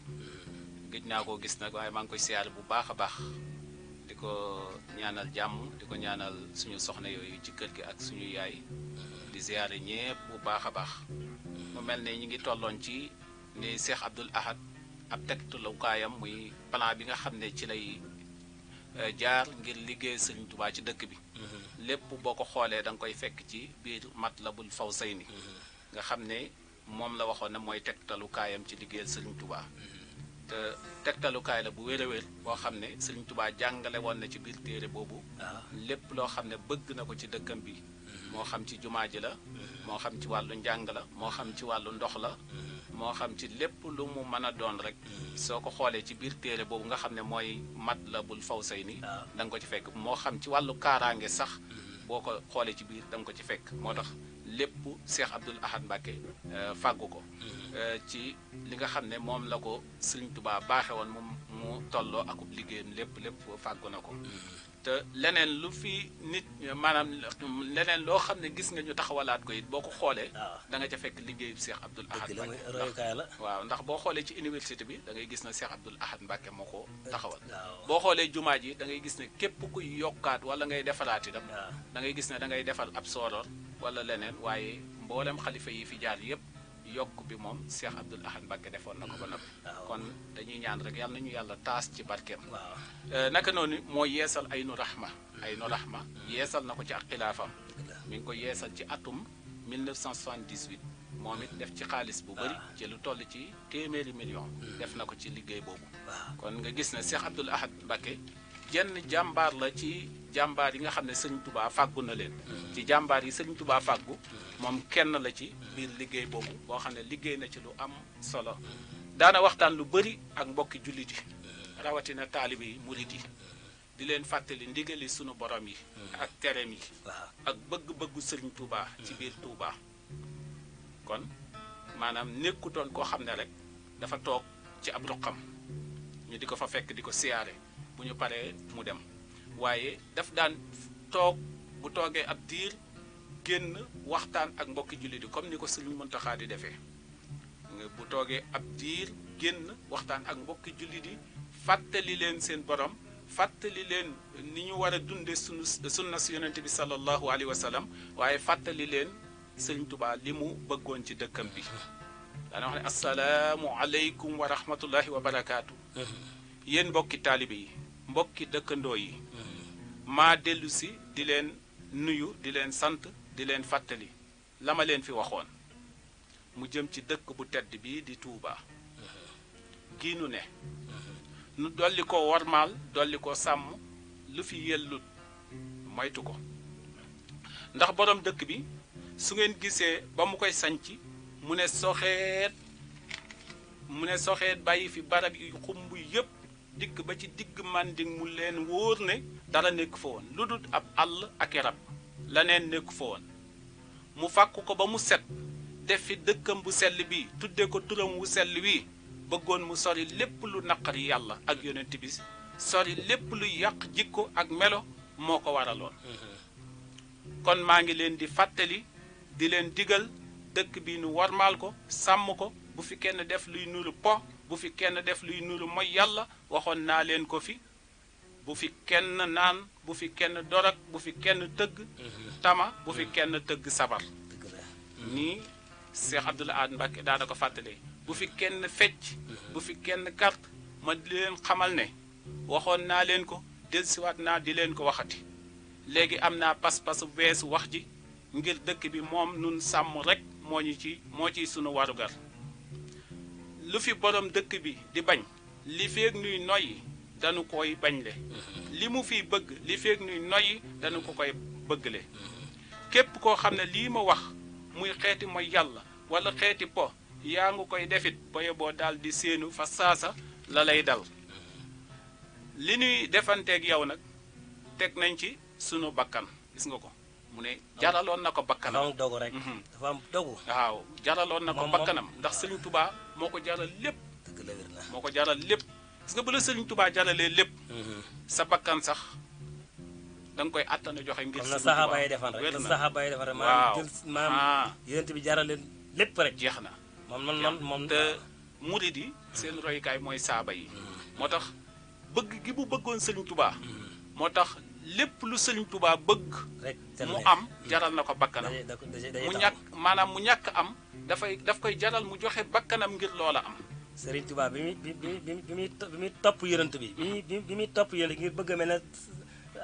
gëj naa ko gis nag waaye maa ngi koy siyaare bu baax a baax di ko ñaanal jàmm di ko ñaanal suñu soxna yooyu ci kër gi ak suñu yaay di siyaare ñëpp bu baax a baax mu mel ni ñu ngi tolloon ci ni Cheikh Abdoul Ahad. ab tegtalukaayam muy plan bi nga xam ne ci lay euh, jaar ngir liggéey Sëriñ Tuubaa ci dëkk bi mm-hmm. lépp boo ko xoolee danga koy fekk ci biir Matlabul Fawzayni mm-hmm. nga xam ne moom la waxoon na mooy tegtalukaayam ci liggéeyal Sëriñ Tuubaa mm-hmm. te tegtalukaay la bu wér wér boo xam ne Sëriñ tubaa jàngale woon na ci biir téere boobu ah. lépp loo xam ne bëgg na ko ci dëkkam bi moo xam ci jumaa ji la moo xam ci wàllu njàng la moo xam ci wàllu ndox la moo xam ci lépp lu mu mën a doon rek hmm. soo ko xoolee ci biir téere boobu nga xam ne mooy mat la bul faw say ah. da danga ko ci fekk moo xam ci wàllu kaaraange sax hmm. boo ko xoolee ci biir da nga ko ci fekk moo tax lépp Cheikh Abdoul Ahad Mbacké euh, fàggu ko hmm. euh, ci li nga xam ne moom la ko Sëriñ Tuubaa baaxe woon mu mu tolloo akub liggéeyam lépp lépp fàggu na ko te leneen lu fi nit maanaam leneen loo xam ne gis nga ñu taxawalaat ko it boo ko xoolee. Ah. da nga ca fekk liggéey Cheikh Abdoul Ahad Mbacké la waaw ndax boo xoolee ci université bi da ngay gis na Cheikh Abdoul Ahad Mbacké moo ko ah, taxawal. boo xoolee jumaa ji da ngay gis ne képp kuy yokkaat wala ngay defaraat itam. Ah. da ngay gis ne da ngay defar ab sooroor wala leneen waaye mboolem xalifa yi fi jaar yëpp. yokk bi moom Cheikh Abdoul Ahad Mbacké defoon na ko ba noppi mm. kon dañuy ñaan rek yàlla nañu yàlla taas ci barkeem euh, naka noonu moo yeesal ay nu rahma ay nu rahma yeesal na ko ci ak xilaafam mi ngi ko yeesal ci atum 1978 moom it def ci xaalis bu bëri ci lu toll ci téeméeri million mm. def na ko ci liggéey boobu kon nga gis ne Cheikh Abdoul Ahad Mbacké jenn jàmbaar la ci jàmbaar yi nga xam ne sëñ tubaa fàggu na leen mm. ci jàmbaar yi sëñ tubaa fàggu moom kenn la ci biir liggéey boobu boo xam ne liggéey na ci lu am solo daana waxtaan lu bari ak mbokki jullit yi rawatina taalibe yi murit yi di leen fàttali ndigali sunu borom yi ak tereem yi ak bëgg-bëggu sëriñ Touba ci biir tuuba kon maanaam nekkutoon koo xam ne rek dafa toog ci ab ruqam ñu di ko fa fekk di ko siyaare bu ñu paree mu dem waaye daf daan toog bu toogee ab diir génn waxtaan ak mbokki jullit comme ni ko Sëriñ Muntaxa di defee bu toogee ab diir génn waxtaan ak mbokki jullit yi fàttali leen seen borom fàttali leen ni ñu war a dunde sunu sunna si yonente bi sallallahu alayhi wa waaye fàttali leen Sëriñ Tuubaa li mu bëggoon ci dëkkam bi daana wax ne asalaamu aleykum wa rahmatullahi wa yéen mbokki taalibe yi mbokki dëkkandoo yi mm-hmm. maa dellu di leen nuyu di leen sant di leen fàttali la ma leen fi waxoon mu jëm ci dëkk bu tedd bii di Touba gii nu ne nu dolli ko warmaal dolli ko sàmm lu fi yellut moytu ko ndax boroom dëkk bi su ngeen gisee ba mu koy sanc mu ne soxeet mu ne soxeet bàyyi fi barab yu xumb yépp dikk ba ci digg màndik mu leen wóor ne dara nekk fa woon lu dul ab àll ak rab laneen nekku fa woon mu fàkk ko ba mu set def fi dëkkam bu sell bi tudde ko turam wu sell wi bëggoon mu sori lépp lu naqari yàlla ak yonent bi sori lépp lu yàq ko ak melo moo ko waraloon kon maa ngi leen di fàttali di leen digal dëkk bi nu warmaal ko sàmm ko bu fi kenn def luy nuru po bu fi kenn def luy nuru moy yàlla waxoon naa leen ko fi bu fi kenn naan bu fi kenn dorog bu fi kenn tëgg mhm. tama bu fi mhm. kenn tëgg sabar mhm. nii Cheikh Abdoul Ahad Mbacké daana ko fàttalee bu fi kenn fecc bu fi kenn carte ma di leen xamal ne waxoon naa leen ko delsiwaat naa di leen ko waxati léegi am naa pas-pas beesu wax ji ngir dëkk bi moom nun sàmm rek moo ci moo ciy sunu warugar lu fi borom dëkk bi di bañ li feeg nuy noyyi danu koy bañle mhm. li mu fi bëgg li feeg ñuy noyyi dañu ko koy bëggle mhm. képp koo xam ne lii ma wax muy xeeti mooy yàlla wala xeeti po yaa ngi koy defit boye boo daal di séenu fa saasa la lay dal mhm. li ñuy defanteeg yow nag teg nañ ci sunu bakkan gis nga ko mu ne ah. jaraloon na ko bakkanam dogu rek waaw jaraloon na ko bakkanam ndax suñu Tuubaa moo ko jaral lépp moo ko jaral lépp parce que bu la sëriñ Touba jaralee lépp. Mm-hmm. sa bakkan sax danga koy attana joxe. ngir sëriñ Touba saxaaba yi defan rek saxaaba yi defan rek. bi jarale lépp jeex na moom man man moom. te murid seen royukaay mooy saaba yi. Mm-hmm. moo tax bëgg gi bëggoon sëriñ Touba. Mm-hmm. moo tax lépp lu sëriñ Touba bëgg. mu am jaral na ko bakkanam. mu ñàkk maanaam mu ñàkk am. dafay daf koy jaral mu joxe bakkanam ngir loola am. Serigne tubaab bi muy bi bi bi muy topp yonent bi bi bi topp yonent ngir bëgg a mel ne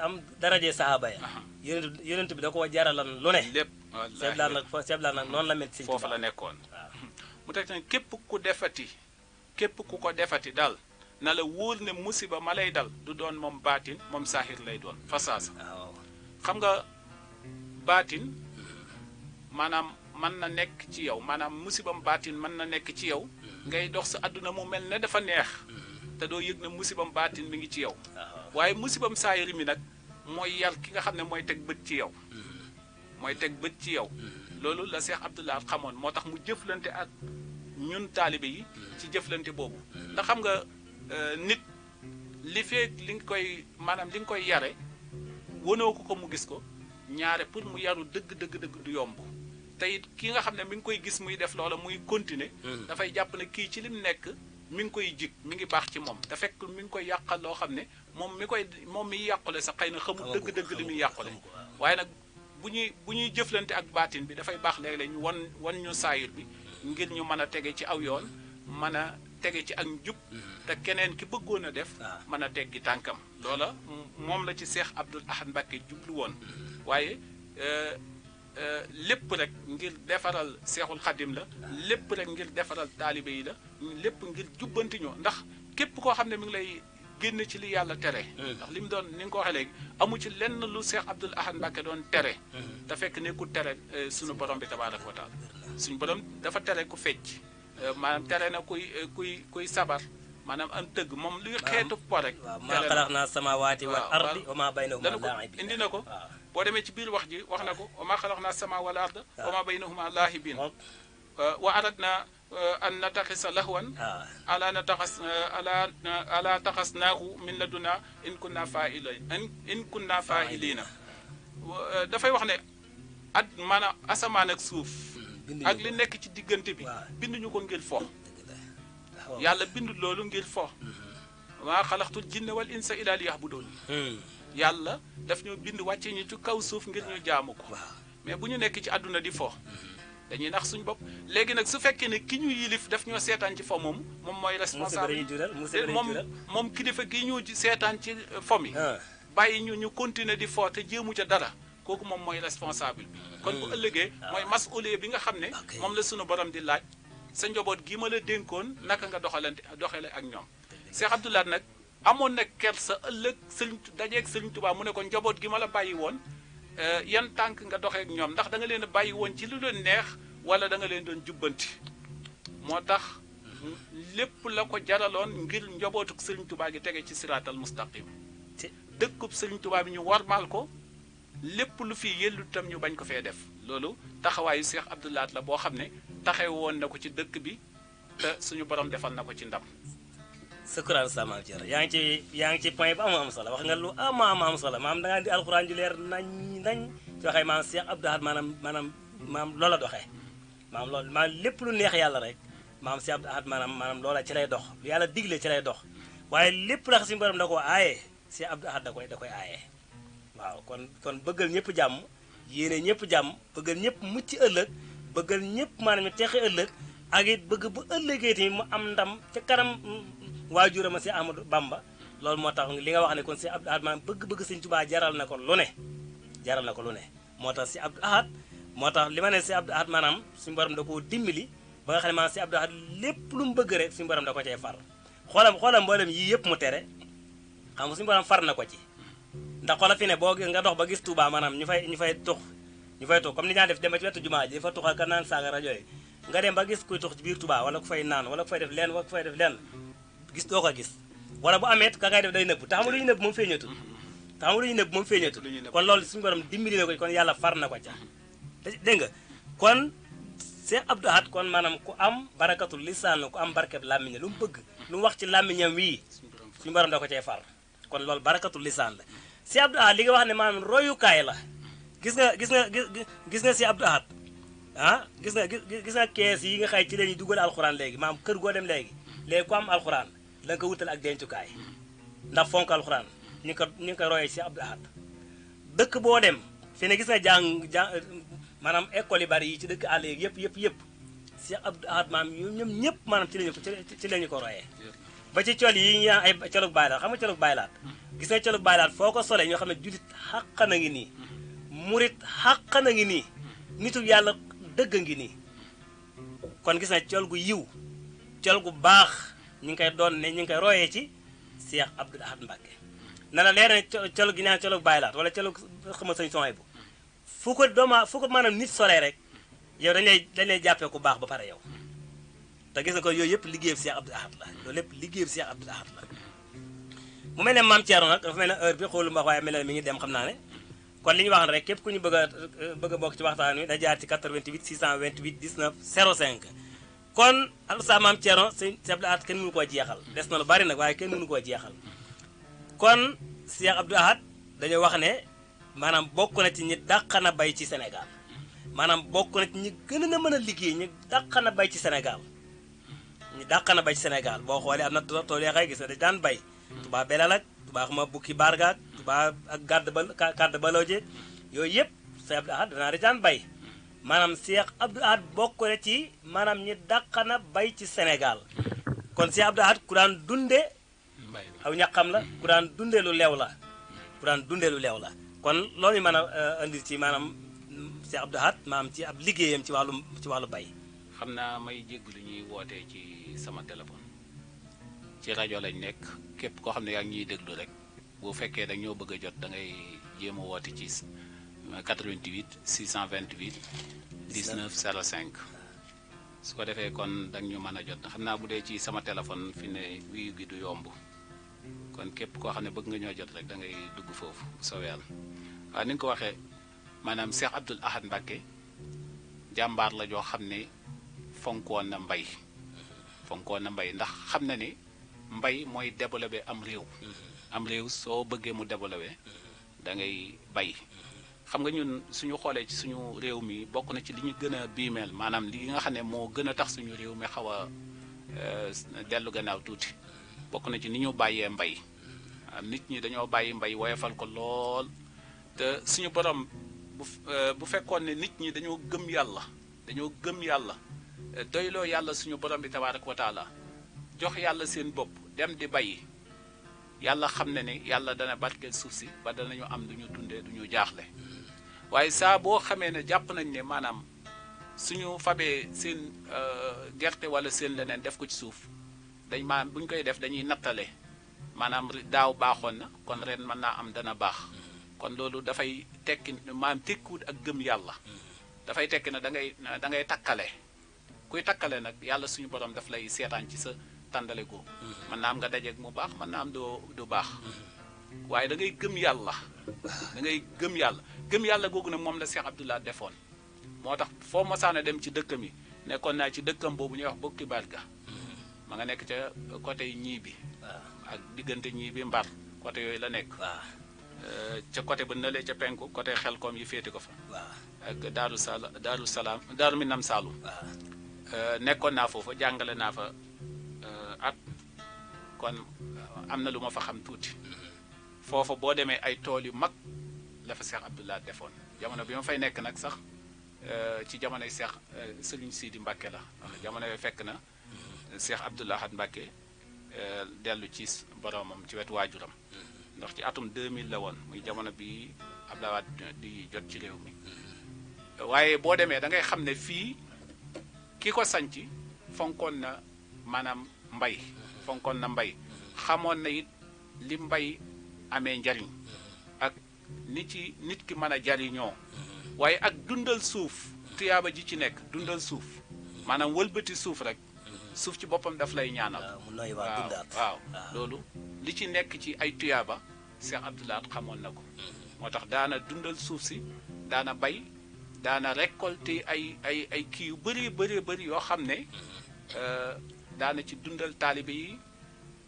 am daraje saxaaba ya yonent yonent bi da koo jaralan lu ne lépp seeblaan nag seeblaan noonu la mel si foofu la nekkoon mu teg tamit képp ku defati képp ku ko defati daal na la wóor ne musiba ma lay dal du doon moom baatin moom saxir lay doon fasaasa xam nga baatin mm-hmm. maanaam man na nekk ci yow maanaam musibam baatin mën na nekk ci yow ngay dox sa àdduna mu mel ne dafa neex te doo yëg ne musibam baatin mu ngi ci yow waaye musibam saayir mi nag mooy yar ki nga xam ne mooy teg bët ci yow mooy teg bët ci yow loolu la Cheikh Abdoulaye xamoon moo tax mu jëflante ak ñun taalibe yi ci jëflante boobu ndax xam nga euh, nit li feeg li nga koy maanaam li nga koy yare wonoo ko ko mu gis ko ñaare pour mu yaru dëgg dëgg dëgg du yomb tey kii nga xam ne mi ngi koy gis muy def loola muy continuer mm-hmm. dafay jàpp ne kii ci lim nekk mi ngi koy jig mi ngi baax ci moom te fekk mi ngi koy yàqal loo xam ne moom mi koy moom miy yàqule sax xëy na xamul dëgg-dëgg li muy yàqule waaye nag bu ñuy bu ñuy jëflante ak baatin bi dafay baax léeg lañu wan wan ñu saayir bi mm-hmm. ngir ñu mën a tege ci aw yoon mën a tege ci ak njub mm-hmm. te keneen ki bëggoon a def ah. mën a teggi tànkam loola moom la ci Seex Abdul Ahad Mbàkke jublu woon waaye euh, Euh, lépp rek ngir defaral seexul xadim la lépp rek ngir defaral taalibe yi la lépp ngir jubbanti ndax képp koo xam ne mu ngi lay génn ci li yàlla tere ndax li mu doon ni nga ko waxee léegi amu ci lenn lu Seex Abdul Ahad Mbàkke doon tere te fekk ne ku tere euh, suñu borom bi tabaaraka wa taala suñu borom dafa tere ku fecc euh, maanaam tere na kuy kuy kuy sabar maanaam am tëgg moom luy xeetu po rek maa xalaq naa samaawaati wal ardi wa maa baynahuma indi na ko boo demee ci biir wax ji wax na ko wa maa xalaqnaa samaa wal arda wa maa baynahumaa laahibiin euh, wa aradnaa euh, an nataxisa lahwan ah. ala nataxas euh, min ladunaa in kunnaa faa'iliin in kunnaa wax ne at maanaam asamaan ak suuf hmm, ak li nekk ci diggante bi binduñu ko ngir fo yàlla bindu loolu ngir fo maa hmm. xalaqtul jinna wal insa illaa liya'buduun hmm. yàlla daf ñoo bind wàcce ñu ci kaw suuf ngir ñu jaamu ko mais bu ñu nekk ci àdduna di fo dañuy nax suñ bopp léegi nag su fekkee ne ki ñu yilif daf ñoo seetaan ci fo moom moom mooy responsable moom moom kilifa ki ñu seetaan ci fo ah. bàyyi ñu ñu continuer di fo te jéemu ca dara kooku moom mooy responsable bi ah. kon bu ëllëgee mooy ah. masuulee bi nga xam ne moom la sunu borom di laaj sa njaboot gi ma la dénkoon naka nga doxalante doxale ak ñoom Cheikh Abdoulaye nag amoon na sa ëllëg sëriñ dajeeg sëriñ Tuubaa mu ne ko njaboot gi ma la bàyyi woon eh, yan tànk nga doxee ñoom ndax danga leen a bàyyi woon ci lu leen neex wala da nga leen doon jubbanti moo tax lépp la ko jaraloon ngir njabootuk sëriñ Tuubaa gi tege ci siraatal mustaqim dëkkub sëriñ Tuubaa bi ñu warmaal ko lépp lu fi yëllu tam ñu bañ ko fee def loolu taxawaayu Seex Abdou Lahad la boo xam ne woon na ko ci dëkk bi te suñu borom defal na ko ci ndam sukkuraan sa maam Thierno yaa ngi ci yaa ngi ci point bu am am solo wax nga lu am am am solo maam da ngaa di alxuraan ju leer nañ nañ ci waxee maam Cheikh Abdou Ahad maanaam maanaam maam loola doxee maam lépp lu neex yàlla rek maam Cheikh Abdou Ahad maanaam maanaam loola ci lay dox yàlla digle ci lay dox waaye lépp rax suñu borom da koo aaye Cheikh Abdou Ahad da koy da koy aaye waaw kon kon bëggal ñëpp jàmm yéene ñëpp jàmm bëggal ñëpp mucc ëllëg bëggal ñëpp maanaam texe ëllëg ak it bëgg waajuram a si Amadou Bamba loolu moo tax li nga wax ne kon si Abdou Ahad bëgg-bëgg sëñ Tuubaa jaral na ko lu ne jaral na ko lu ne moo tax si Abdou Ahad moo tax li ma ne si Abdou Ahad maanaam suñu borom da koo dimbali ba xam ne maanaam si lépp lu mu bëgg rek suñu borom da ko e far xoolam xoolam mboolem yii yëpp mu tere xam nga suñu borom far na ko ci ndax xoola fi ne boo nga dox ba gis Touba maanaam ñu fay ñu fay tux ñu fay tux comme ni ñaa def dem ba ci wetu jumaa ji rajo yi nga dem ba gis kuy tux biir Touba wala ku fay naan wala ku fay def leen wala leen gis doo ko gis wala bu amee ka ngay day nëbb te xam nga lu ñu nëbb moom feeñatul mm-hmm. te xam nga lu ñu nëbb moom feeñatul kon loolu suñu borom dimbali na ko kon yàlla far na ko ca mm-hmm. dégg nga kon Cheikh Abdou Ahad kon maanaam ku am barakatul lisaan ku am barkeb làmmiñ lu mu bëgg lu wax ci làmmiñam wii suñu borom da ko cee far kon loolu barakatul lisaan la Cheikh Abdou Ahad li nga wax ne maanaam royukaay la gis nga gis nga gis nga Cheikh Abdou Ahad ah gis nga gis nga kees yi nga xay ci la ñuy dugal alxuraan léegi maanaam kër goo dem léegi léegi ku am alxuraan da ko wutal ak dencukaay ndax fonk alxuraan ñi ko ñu ko royee si Abdou Ahad dëkk boo dem fi ne gis nga jàng jàng maanaam école yu bari yi ci dëkk àll yeeg yëpp yëpp yëpp si Abdou Ahad maam ñoom ñëpp maanaam ci lañu ko ci lañu ko royee ba ci col yi ñu naan ay colug baylaat xam nga colug baylaat gis nga colug baylaat foo ko solee ñoo xam ne julit xàq na ngi nii murit xàq na ngi nii nitu yàlla dëgg ngi nii kon gis nga col gu yiw col gu baax ñu ngi koy doon ne ñu ngi koy royee ci Cheikh Abdoul Ahad Mbacké na la leer ne colo gi naan colo bàyyi laat wala colo xama sañ sonay bu fu ko dooma fu ko maanaam nit solee rek yow dañ lay dañ lay jàppee ku baax ba pare yow te gis nga ko yooyu yëpp liggéeyam Cheikh Abdoul Ahad la loolu lépp la mu mel ne maam Thierno nag dafa mel ne heure bi xoolu mbax waaye mel ne mi ngi dem xam naa ne kon li ñu wax rek képp ku ñu bëgg a bëgg a bokk ci waxtaan wi da jaar ci 88 628 19 kon alxuraan maam Thierno sëñ Abdou Ahad kenn mënu koo jeexal des na lu bari nag waaye kenn mënu koo jeexal kon Cheikh Abdou Ahad wax ne maanaam bokk na ci ñi dàq bay ci senegal maanaam bokk na ci ñi gën mën a liggéey ñi dàq bay ci Sénégal ñi dàq na bay ci boo xoolee am na tool yoo xay gis na dañ bay Touba Belal ak Touba xama bukki bargaak Touba ak gàdd ba kàdd balooje yooyu yëpp Cheikh Abdou Ahad danaa daan bay maanaam Cheikh Abdou Ahad bokk ci maanaam ñi dàqana bay ci Sénégal kon Cheikh Abdou Ahad ku daan dunde aw ñaqam la ku daan dunde lu leew la ku daan dunde lu leew la kon loolu mën a euh, indi ci maanaam Cheikh Abdou Ahad maanaam ci ab liggéeyam ci wàllu ci wàllu bay xam naa may jégg lu ñuy wootee ci sama téléphone ci rajo lañ nekk képp koo xam ne yaa ñuy déglu rek boo fekkee dañoo bëgg a jot dangay ngay jéem a woote ci 88 628 19 05 su ko defee kon da ñu mën a jot xam naa bu dee ci sama téléphone fi ne wuyu gi du yomb kon képp koo xam ne bëgg nga ñoo jot rek da ngay dugg foofu soo yàlla waaw ni nga ko waxee maanaam Cheikh Abdoul Ahad Mbacké jàmbaar la joo xam ne fonkoon a mbay fonkoon na mbay ndax xam na ne mbay mooy développé am réew mm-hmm. am réew soo bëggee mu développé mm-hmm. da ngay bay xam nga ñun suñu xoolee ci suñu réew mi bokk na ci li ñu gën a biimeel maanaam li nga xam ne moo gën a tax suñu réew mi xaw a euh, dellu gannaaw tuuti bokk na ci ni ñu bàyyee mbay nit ñi dañoo bàyyi mbay woyofal ko lool te suñu borom bu euh, bu fekkoon ne nit ñi dañoo gëm yàlla dañoo gëm yàlla doyloo yàlla suñu borom bi tabaaraka wa jox yàlla seen bopp dem di bàyyi yàlla xam ne ni yàlla dana barkeel suuf si ba danañu am lu ñu dundee du ñu jaaxle waaye saa boo xamee ne jàpp nañ ne maanaam suñu fabee seen euh, gerte wala seen leneen def ko ci suuf dañ maanaam bu ñu koy def dañuy nattale maanaam daaw baaxoon na kon ren mën naa am dana baax kon loolu dafay tekki maanaam tekkiwut ak gëm yàlla dafay tekki na da ngay da ngay takkale kuy takkale nag yàlla suñu borom daf lay seetaan ci sa tàndale ko mën naa am nga dajeeg mu baax mën naa am doo du baax waaye da ngay gëm yàlla da ngay gëm yàlla gëm yàlla googu nag moom la Cheikh Abdoulaye defoon moo tax foo mosaana dem ci dëkkam yi nekkoon naa ci dëkkam boobu ñuy wax bokki baal ga maa nga nekk ca côté ñii bi ak diggante ñii bi mbar côté yooyu la nekk euh, ca côté ba nalee ca penku côté xel koom yi féete ko fa ak daaru sal daaru salaam daaru minam saalum euh, nekkoon naa foofa jàngale naa fa euh, at kon am na lu ma fa xam tuuti mm-hmm. foofa boo demee ay tool yu mag dafa fa Cheikh Abdoulaye defoon jamono bi ma fay nekk nag sax euh, ci jamonoy Cheikh euh, Serigne Sidi Mbacke la ndax jamono yooyu fekk na mm-hmm. Cheikh Abdoul Ahad Mbacke euh, dellu ci boromam ci wetu waajuram mm-hmm. ndax ci atum 2000 la woon muy jamono bi Abdoulaye Wade di jot ci réew mi mm-hmm. waaye boo demee da ngay xam ne fii ki ko sanc fonkoon na maanaam mbay fonkoon na mbay xamoon na it li mbay amee njariñ ni ci nit ki mën a jariñoo waaye ak dundal suuf tuyaaba ji ci nekk dundal suuf maanaam wëlbati suuf rek suuf ci boppam daf lay ñaanal waaw waaw ah. loolu li ci nekk ci ay tuyaaba Cheikh Abdoulaat xamoon na ko moo tax daana dundal suuf si daana bay daana récolter ay ay ay kii yu bëree bëree bëri yoo xam ne euh, daana ci dundal taalibe yi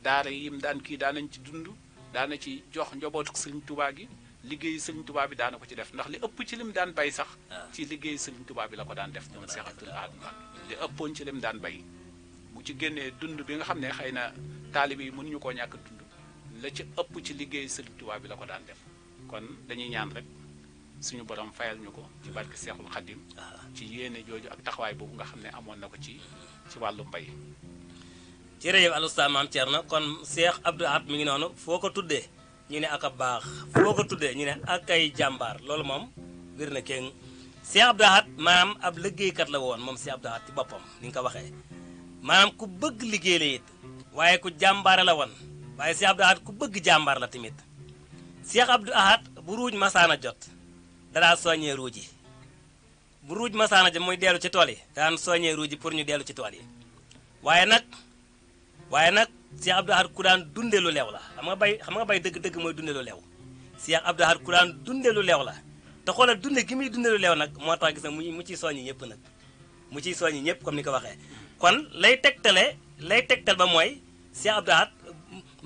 daan kii daanañ ci dund daana ci jox njobootu Sëriñ Tuubaa gi liggéey sëriñ tubaab bi daana ko ci def ndax li ëpp ci lim daan bay sax ah. ci liggéey sëriñ tubaab bi la ko daan def moom Seex Abdul Ahad Mbacké li ëppoon ci lim daan bay bu ci génnee dund bi nga xam ne xëy na taalibe yi mënuñu koo ñàkk dund la ci ëpp ci liggéey sëriñ Tuubaa bi la ko daan def kon dañuy ñaan rek suñu borom fayal ñu ko ci barke Seexul Xadim ah. ci yéene jooju ak taxawaay boobu nga xam ne amoon na ko ci ci wàllu mbay jërëjëf Al Oustaz Mame Thierno kon Seex Abdul Ahad mi ngi noonu foo ko tuddee ñu ne ak a baax foo ko tuddee ñu ne ak ay jàmbaar loolu moom wér na kéng Cheikh Abdou Ahad maanaam ab liggéeykat la woon moom Cheikh Abdou Ahad ci boppam ni nga ko waxee maanaam ku bëgg liggéey la waaye ku jàmbaare la woon waaye Cheikh Abdou Ahad ku bëgg jàmbaar la tamit Cheikh Abdou Ahad bu ruuj masaana jot danaa soññee ruuj yi bu ruuj masaana jot muy dellu ci tool yi daan soññee ruuj pour ñu dellu ci tool yi waaye nag waaye nag Cheikh Abdou ku daan dunde lu leew la xam nga bay xam bay dëgg-dëgg mooy dunde leew Cheikh Abdou Lahad ku daan leew la te xoolal dunde gi muy dunde leew nag moo tax gis na mu mu ciy soññi ñëpp nag mu ciy soññi ñëpp comme ni ko waxee kon lay tegtale lay tegtal ba mooy Cheikh Abdou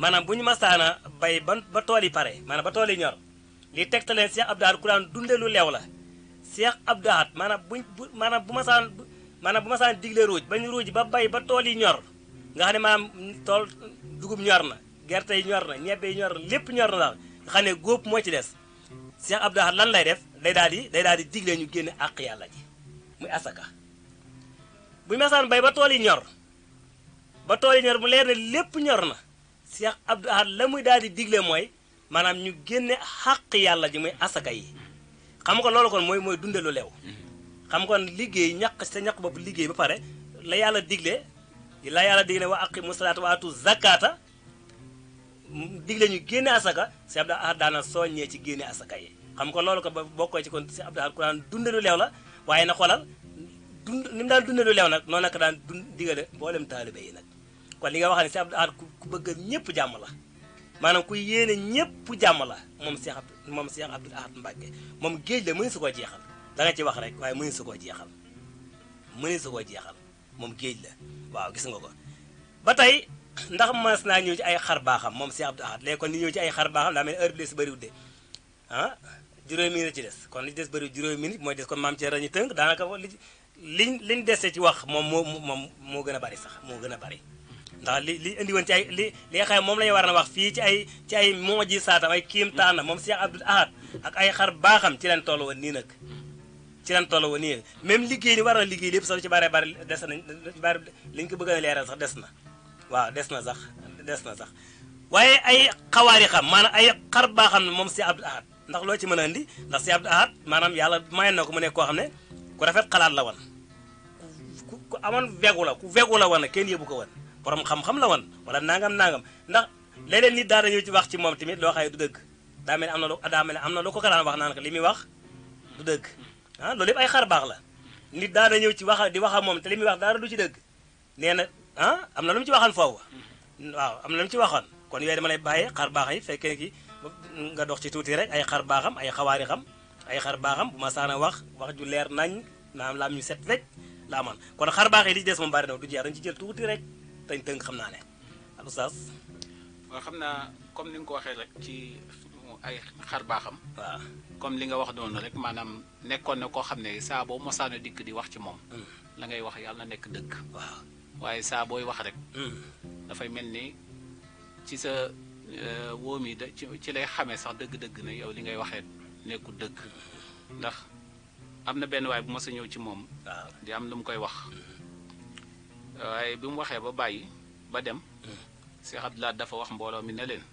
maanaam bu ñu masaana bay ba ba tool yi pare maanaam ba tool yi ñor li tegtaleen Cheikh Abdou Lahad ku daan dunde leew la Cheikh Abdou Lahad maanaam buñ bu maanaam bu masaan maanaam bu masaan digle ruuj ba ñu ruuj ba bay ba tool yi ñor nga xam ne maanaam tool dugub ñor na gerte yi ñor na ñebbe yi ñor na lépp ñor na daal nga xam ne góob moo ci des Cheikh Abdou Ahad lan lay def day daal di day daal di digle ñu génne àq yàlla ji muy asaka bu mesaan bay ba tool yi ñor ba tool yi ñor leer lépp ñor na Cheikh Abdou la muy daal di digle mooy maanaam ñu génne xàq yàlla ji muy asaka yi xam nga loolu kon mooy mooy dunde lu leew mm-hmm. xam nga kon liggéey ñaq sa ñaq bopp liggéey ba pare la yàlla digle yi la yàlla digle wa aqimu salaata wa atu zakata digle ñu génne asaka si Abdou Ahad daana soññee ci génne asaka yi xam ko loolu ko ba bokkoo ci kon si Abdou Ahad ku daan dunde lu leew waaye na xoolal dund ni mu daan dunde lu leew nag noonu nag daan dund digale mboolem taalibe nag kon li nga wax ne si Abdou Ahad ku bëgg ñëpp jàmm la maanaam ku yéene ñëpp jàmm la moom Cheikh moom Cheikh Abdou Ahad Mbacké moom géej la mëni su koo jeexal da nga ci wax rek waaye mëni su jeexal mëni koo jeexal moom géej la waaw gis nga ko ba tey ndax mas naa ñëw ci ay xar baaxam moom Cheikh Abdou Ahad léegi kon ni ñëw ci ay xar baaxam daa mel heure bi des bëriwul de ah juróomi minute la ci des kon li ci des bëriwul juróomi minute mooy des kon maam Thierno ñu tënk daanaka li liñ liñ dese ci wax moom moo moom moo gën a bari sax moo gën a bari ndax li li indi woon ci ay li li nga ne moom la ñu war a wax fii ci ay ci moo ji saatam ay kiim taana moom Cheikh Abdou Ahad ak ay xar baaxam ci leen toll nii nag ci lan toll wo nii même liggéey ni war na liggéey lépp sax ci bare bare des na bare liñ ko bëgg a leeral des na waaw des na sax des na sax waaye ay xawaari xam maanaam ay xar baa xam ne moom si Abdul Ahad ndax loo ci mën a andi ndax si Abdul Ahad maanaam yàlla may na ko mu nekk koo xam ne ku rafet xalaat la wan ku ku amoon vegu la ku vegu la wan kenn yëbu ko wan borom xam-xam la wan wala nangam nangam ndax leneen ni daana ñëw ci wax ci moom tamit loo xaye du dëgg daa mel ne am na lu daa ne am na lu ko ko daan wax naan li muy wax dëgg ah loolu yëpp ay xar baax la nit daana ñëw ci wax di wax moom te li muy wax dara du ci dëgg nee na ah am na lu mu ci waxoon foofu waaw am na lu mu ci waxoon kon yooyu dama lay bàyyi xar baax yi fekkee ki nga dox ci tuuti rek ay xar baaxam ay xawaari xam ay xar baaxam bu ma saana wax wax ju leer nañ naam laam ñu set rek laa man kon xar baax yi li ci des moom bari na du jeex dañ ci jël tuuti rek dañ tënk xam naa ne al oustaz xam naa comme ni nga ko waxee rek ci ay xar baaxam waaw comme li nga wax noonu rek maanaam nekkoon na koo xam ne saaboo boo mosaano dikk di wax ci moom. Mm. la ngay wax yàlla nekk dëgg. waaye saabooy booy wax rek. Mm. dafay mel ni ci sa euh, wóom yi da ci lay xamee sax dëgg-dëgg ne yow li ngay waxee nekkul dëgg ndax am na benn waay bu mos a ñëw ci moom. di am lu mu koy wax. Mm. waaye bi mu waxee ba bàyyi ba dem. Cheikh Abdoulaye dafa wax mbooloo mi ne leen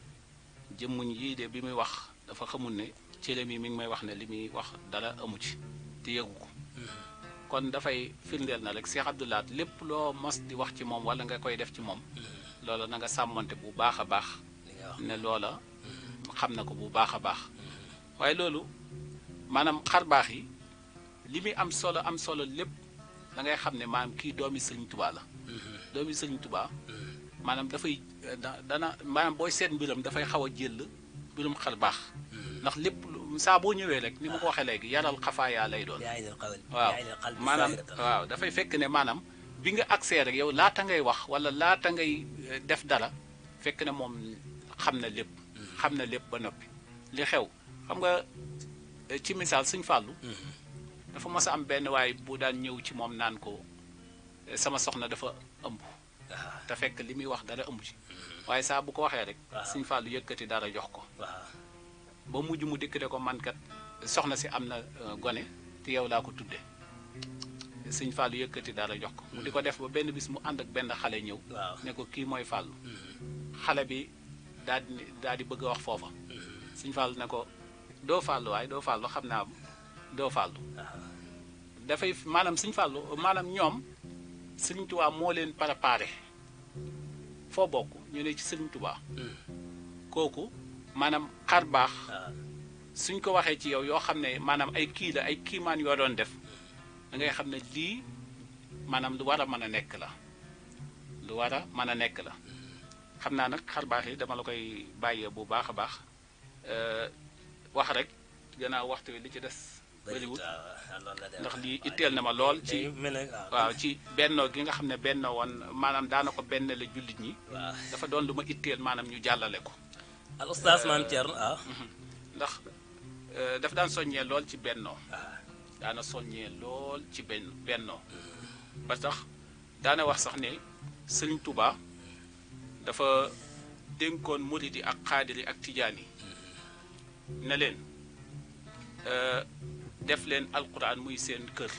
jëmmuñ yii de bi muy wax dafa xamul ne. Thielé mi mi ngi may wax ne li muy wax dara amu ci te yëgu ko mm-hmm. kon dafay firndeel na rek Cheikh Abdou Lahad lépp loo mos di wax ci moom wala nga koy def ci moom mm-hmm. loola nanga nga sàmmante bu baax a baax ne loola mm-hmm. xam na ko bu baax a baax waaye loolu maanaam xar yi li muy am solo am solo lépp da ngay xam ne maanaam kii doomi sëriñ tubaa la doomi sëriñ tubaa maanaam dafay eh, dana maanaam booy seet mbiram dafay xaw a jël mbirum xar baax ndax lépp saa boo ñëwee rek ni ma ko waxee léegi yaral xafaayaa lay doon waaw maanaam waaw dafay fekk ne maanaam bi nga accès rek yow laata ngay wax wala laata ngay eh, def dara fekk ne moom xam na lépp mm-hmm. xam na lépp ba noppi li xew xam nga eh, ci misaal suñ fàllu mm-hmm. dafa mos a am benn waay bu daan ñëw ci moom naan ko eh, sama soxna dafa ëmb ah. te fekk li muy wax dara ëmb ci mm-hmm. waaye saa bu ko waxee rek suñ fàllu yëkkati dara jox ko ba mujj mu dikk ne ko man soxna si am na euh, gone te yow laa ko tudde sëñ Fallou yëkkati dara jox ko. mu di ko def ba benn bis mu ànd ak benn xale ñëw. ne ko kii mooy Fallou. Mm-hmm. xale bi daal di bëgg a wax foofa. Mm-hmm. sëñ Fallou ne ko doo Fallou waaye doo Fallou xam naa doo Fallou. dafay maanaam sëñ Fallou maanaam ñoom sëñ Touba moo leen préparé foo bokk ñu ne ci sëñ Touba. Mm-hmm. kooku. maanaam xar baax ah. suñ ko waxee ci yow yoo xam ne maanaam ay kii la ay kiimaan yoo doon def da ngay xam ne lii maanaam lu war a mën a nekk la lu war a mën a nekk la xam naa nag xar baax yi dama la koy bàyyee bu baax a baax eh, wax rek gannaaw waxtu wi li ci des bëriwul ah, ndax lii itteel na ma lool ci ah. waaw ci bennoo gi nga xam ne bennoo woon maanaam daana ko benn la jullit ñi dafa doon lu ma itteel maanaam ñu jàllale ko al oustaz maam Thierno ah. mhm. ndax euh, daf daan soññee lool ci bennoo. daana soññee lool ci benn bennoo. ba tax daana wax sax ne sëñ Touba dafa dénkoon murid yi ak xaadir ak tijaan yi ne leen euh, def leen alquran muy seen kër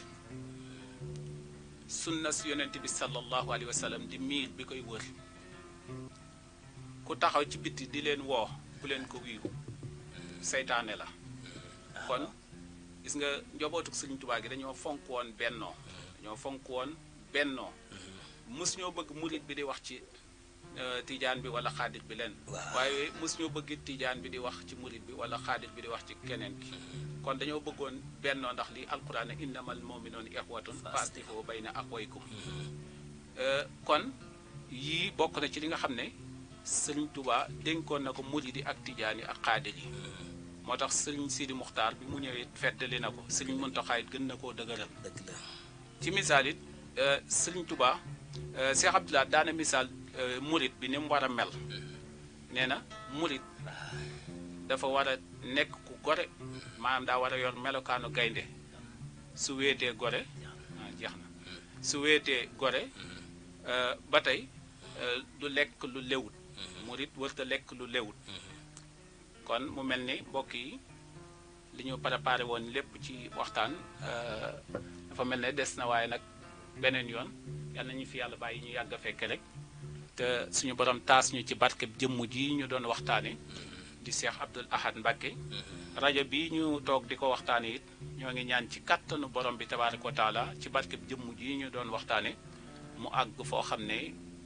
sunna si yonent bi sallallahu alayhi wa di miir bi koy wër. ku taxaw ci bitti di leen woo bu leen ko wiyu seytaane la kon gis nga njobootuk sëriñ Tuubaa gi dañoo fonk woon fonk woon bennoo bëgg murit bi di wax ci euh, tijaan bi wala xaadir bi leen waaye mës bëgg tijaan bi di wax ci murit bi wala xaadir bi di wax ci keneen ki kon dañoo bëggoon bennoo ndax lii alquran a innamal mu'minuuna ixwatun fa aslihu bayna axwaykum mm-hmm. euh, kon yii bokk na ci li nga xam ne sëriñ tubaa dénkoon na ko murid yi ak tijaan yi ak xaadir yi moo tax sëriñ Sidi Muxtaar bi mu ñëwee feddali na ko sëriñ Muntaxa it gën na koo dëgëral ci misaal it euh, sëriñ tubaa euh, Cheikh Abdoulaye daana misaal euh, murid bi ni mu war a mel nee na murid dafa war a nekk ku gore maanaam daa war a yor melokaanu gaynde su wéetee gore ah, jeex na su wéetee gore ba tey du lekk lu lewut Mhm. murit wërta lekk lu lewut mhm. kon mu mel ni mbokk yi li ñu préparé woon lépp ci waxtaan euh, dafa mel ne des na waaye nag beneen yoon yal na ñu fi yàlla bàyyi ñu yàgg fekke rek te suñu borom taas ñu ci barkeb jëmm ji ñu doon waxtaane mhm. di Cheikh Abdoul Ahad Mbacké rajo bi ñu toog di ko waxtaane it ñoo ngi ñaan ci kattanu borom bi tabaaraka wa taala ci barkeb jëmm ji ñu doon waxtaane mu àgg foo xam ne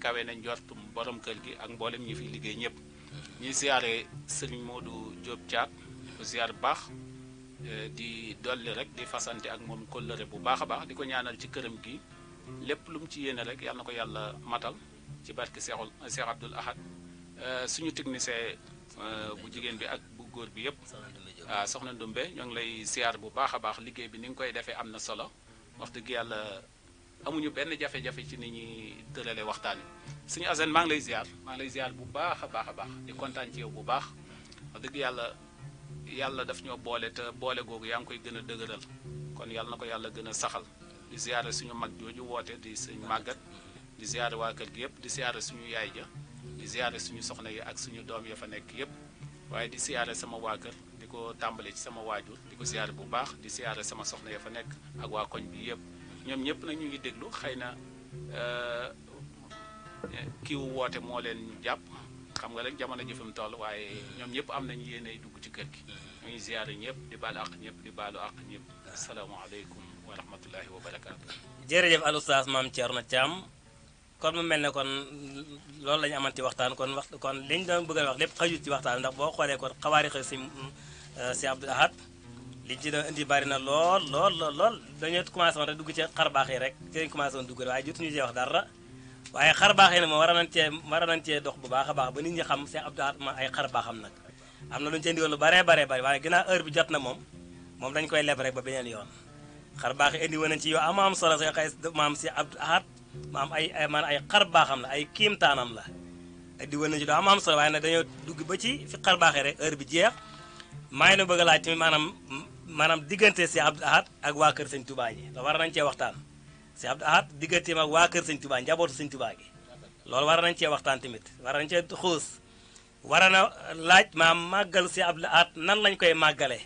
kawe na njortum borom kër gi ak mboolem ñu fi liggéey ñëpp ñuy siyaare sëriñ du Diop Thiat bu siyaar bu baax e, di dolli rek di fasante ak moom kóllëre bu baax a baax di ko ñaanal ci këram gi lépp lu ci yéene rek yàlla na ko yàlla matal ci barke Seexul Seex Abdul Ahad e, suñu technicien e, bu jigéen bi ak bu góor bi yëpp waaw soxna Ndumbe ñoo ngi lay siyaar bu baax a baax liggéey bi ni nga koy defee am na solo wax dëgg yàlla amuñu benn jafe-jafe ci ni ñuy tëralee waxtaan wi suñu Assane maa ngi lay ziar maa ngi lay ziar bu baax a baax a baax di kontaan ci yow bu baax ma dëgg yàlla yàlla daf ñoo boole te boole googu yaa ngi koy gën a dëgëral kon yàlla na ko yàlla gën a saxal di ziare suñu mag jooju wootee di suñu màggat di ziare waa kër gi yëpp di ziare suñu yaay ja di ziare suñu soxna yi ak suñu doom ya fa nekk yëpp waaye di ziare sama waa kër di ko tàmbale ci sama waajur di ko ziare bu baax di ziare sama soxna ya fa nekk ak waa ñoom ñëpp nag ñu ngi déglu xëy na euh, kii wu woote moo leen jàpp xam nga rek jamono ji fi mu toll waaye ñoom ñëpp am nañu yéenay dugg ci kër gi. Mm-hmm. ñu ngi ziare ñëpp di baalu àq ñëpp di baalu àq ñëpp. asalaamaaleykum wa rahmatullahi wa barakaatu. jërëjëf al oustaz maam Thierno Thiam kon mu mel ne kon loolu lañu ñu amanti waxtaan kon wax kon liñ doon bëgg a wax lépp xajut ci waxtaan ndax boo xoolee kon xawaari xëy si euh, si Abdoul li ci doon bari na lool lool lool lool dañoo commencé woon rek dugg ci xarbaax yi rek ci lañ commencé woon dugg waaye jotuñu cee wax dara waaye xarbaax yi nag moom war nañ cee war nañ cee dox bu baax baax ba nit ñi xam Cheikh Abdou Ahad ay xarbaaxam nag am na lu ñu ci indi woon lu baree baree bari waaye ginnaaw heure bi jot na moom moom dañ koy leb rek ba beneen yoon xarbaax yi indi woon nañ ci yow am am solo sa xay maam Cheikh Abdou Ahad maam ay man ay xarbaaxam la ay kiimtaanam la indi woon nañ ci doo am am solo waaye dañoo dugg ba ci fi xarbaaxee rek heure bi jeex maa ngi bëgg a laaj tamit maanaam diggante si Abdou Ahad ak waa kër sëñ Touba yi loolu war nañ cee waxtaan si Abdou Ahad digganteem ak waa kër sëñ Touba njabootu sëñ Touba gi loolu war nañ cee waxtaan tamit war nañ cee xuus war na laaj ma màggal si Abdou Ahad nan lañ koy màggale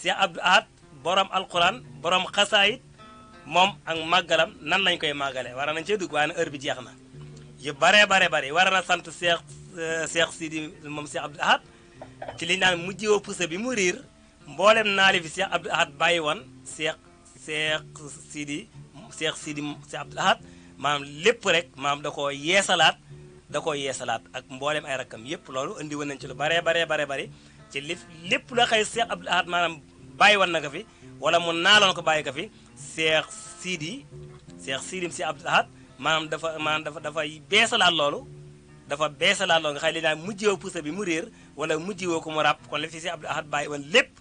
si Abdou Ahad borom alquran borom xasaayit moom ak màggalam nan lañ koy màggale wara nañ cee dugg waaye na heure bi jeex na yu baree bare bari war na sant Cheikh Cheikh Sidi si Abdou Ahad ci li naan mujjee pusa bi mu riir mboolem naali fi Cheikh Abdoul Ahad bàyyi woon Cheikh Cheikh Sidi Cheikh Sidi Cheikh Abdoul Ahad maanaam lépp rek maam da koo yeesalaat da koo yeesalaat ak mboolem ay rakkam yépp loolu indi woon nañ ci lu baree baree baree bari ci li lépp la xëy Cheikh Abdoul Ahad maanaam bàyyi woon na ko fi wala mu naaloon bàyyi ko fi Cheikh Sidi Cheikh Sidi Cheikh Abdoul Ahad maanaam dafa maanaam dafa dafa beesalaat loolu dafa beesalaat loolu nga xëy li naa mujjee pousse bi mu réer wala mujjee ko mu ràpp kon li fi Cheikh Abdoul Ahad bàyyi woon lépp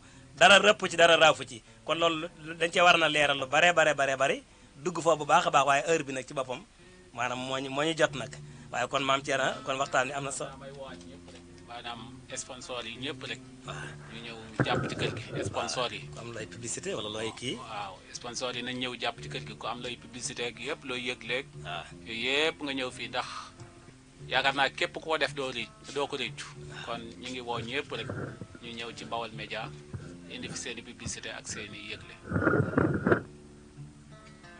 dara rëpp ci dara raafu ci kon loolu dañ cee war na leeral lu bare bare bare bari dugg foofu bu baax a baax waaye heure bi nag ci boppam maanaam moo ñu moo ñu jot nag waaye kon maam Thierno kon waxtaan wi am na so maanaam sponsor yi ñëpp rek. waaw ñu ñëw jàpp ci kër gi. sponsor yi am looy publicité wala looy kii. waaw yi nañ ñëw jàpp ci kër gi ku am looy publicité ak yëpp looy yëg léeg. waaw ah. yooyu nga ñëw fii ndax yaakaar naa képp koo def doo rëcc doo ko rëccu. Ah. kon ñu ngi woo ñëpp rek ñu ñëw ci Bawol Média. indi fi seen i publicité ak seen i yëgle.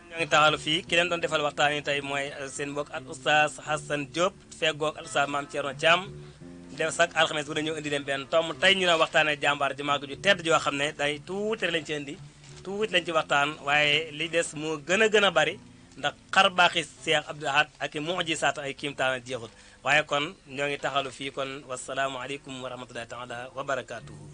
ñoo ngi taxalu fii kii leen doon defal waxtaan yi tey mooy euh, seen mbokk al oustaz Hassan Diop feggoog al oustaz maam Thierno Thiam def sax alxames bu ne ñëw indi leen benn tomb tey ñu ne waxtaanee jàmbaar ju màgg ju tedd joo xam ne day tuuti lañ ci indi tuuti lañ ci waxtaan waaye li des moo gën a gën a bari ndax xar baaxi Cheikh Abdou Ahad ak i mujisaat ay kiimtaana jeexut waaye kon ñoo ngi taxalu fii kon wasalaamualeykum wa rahmatullahi taala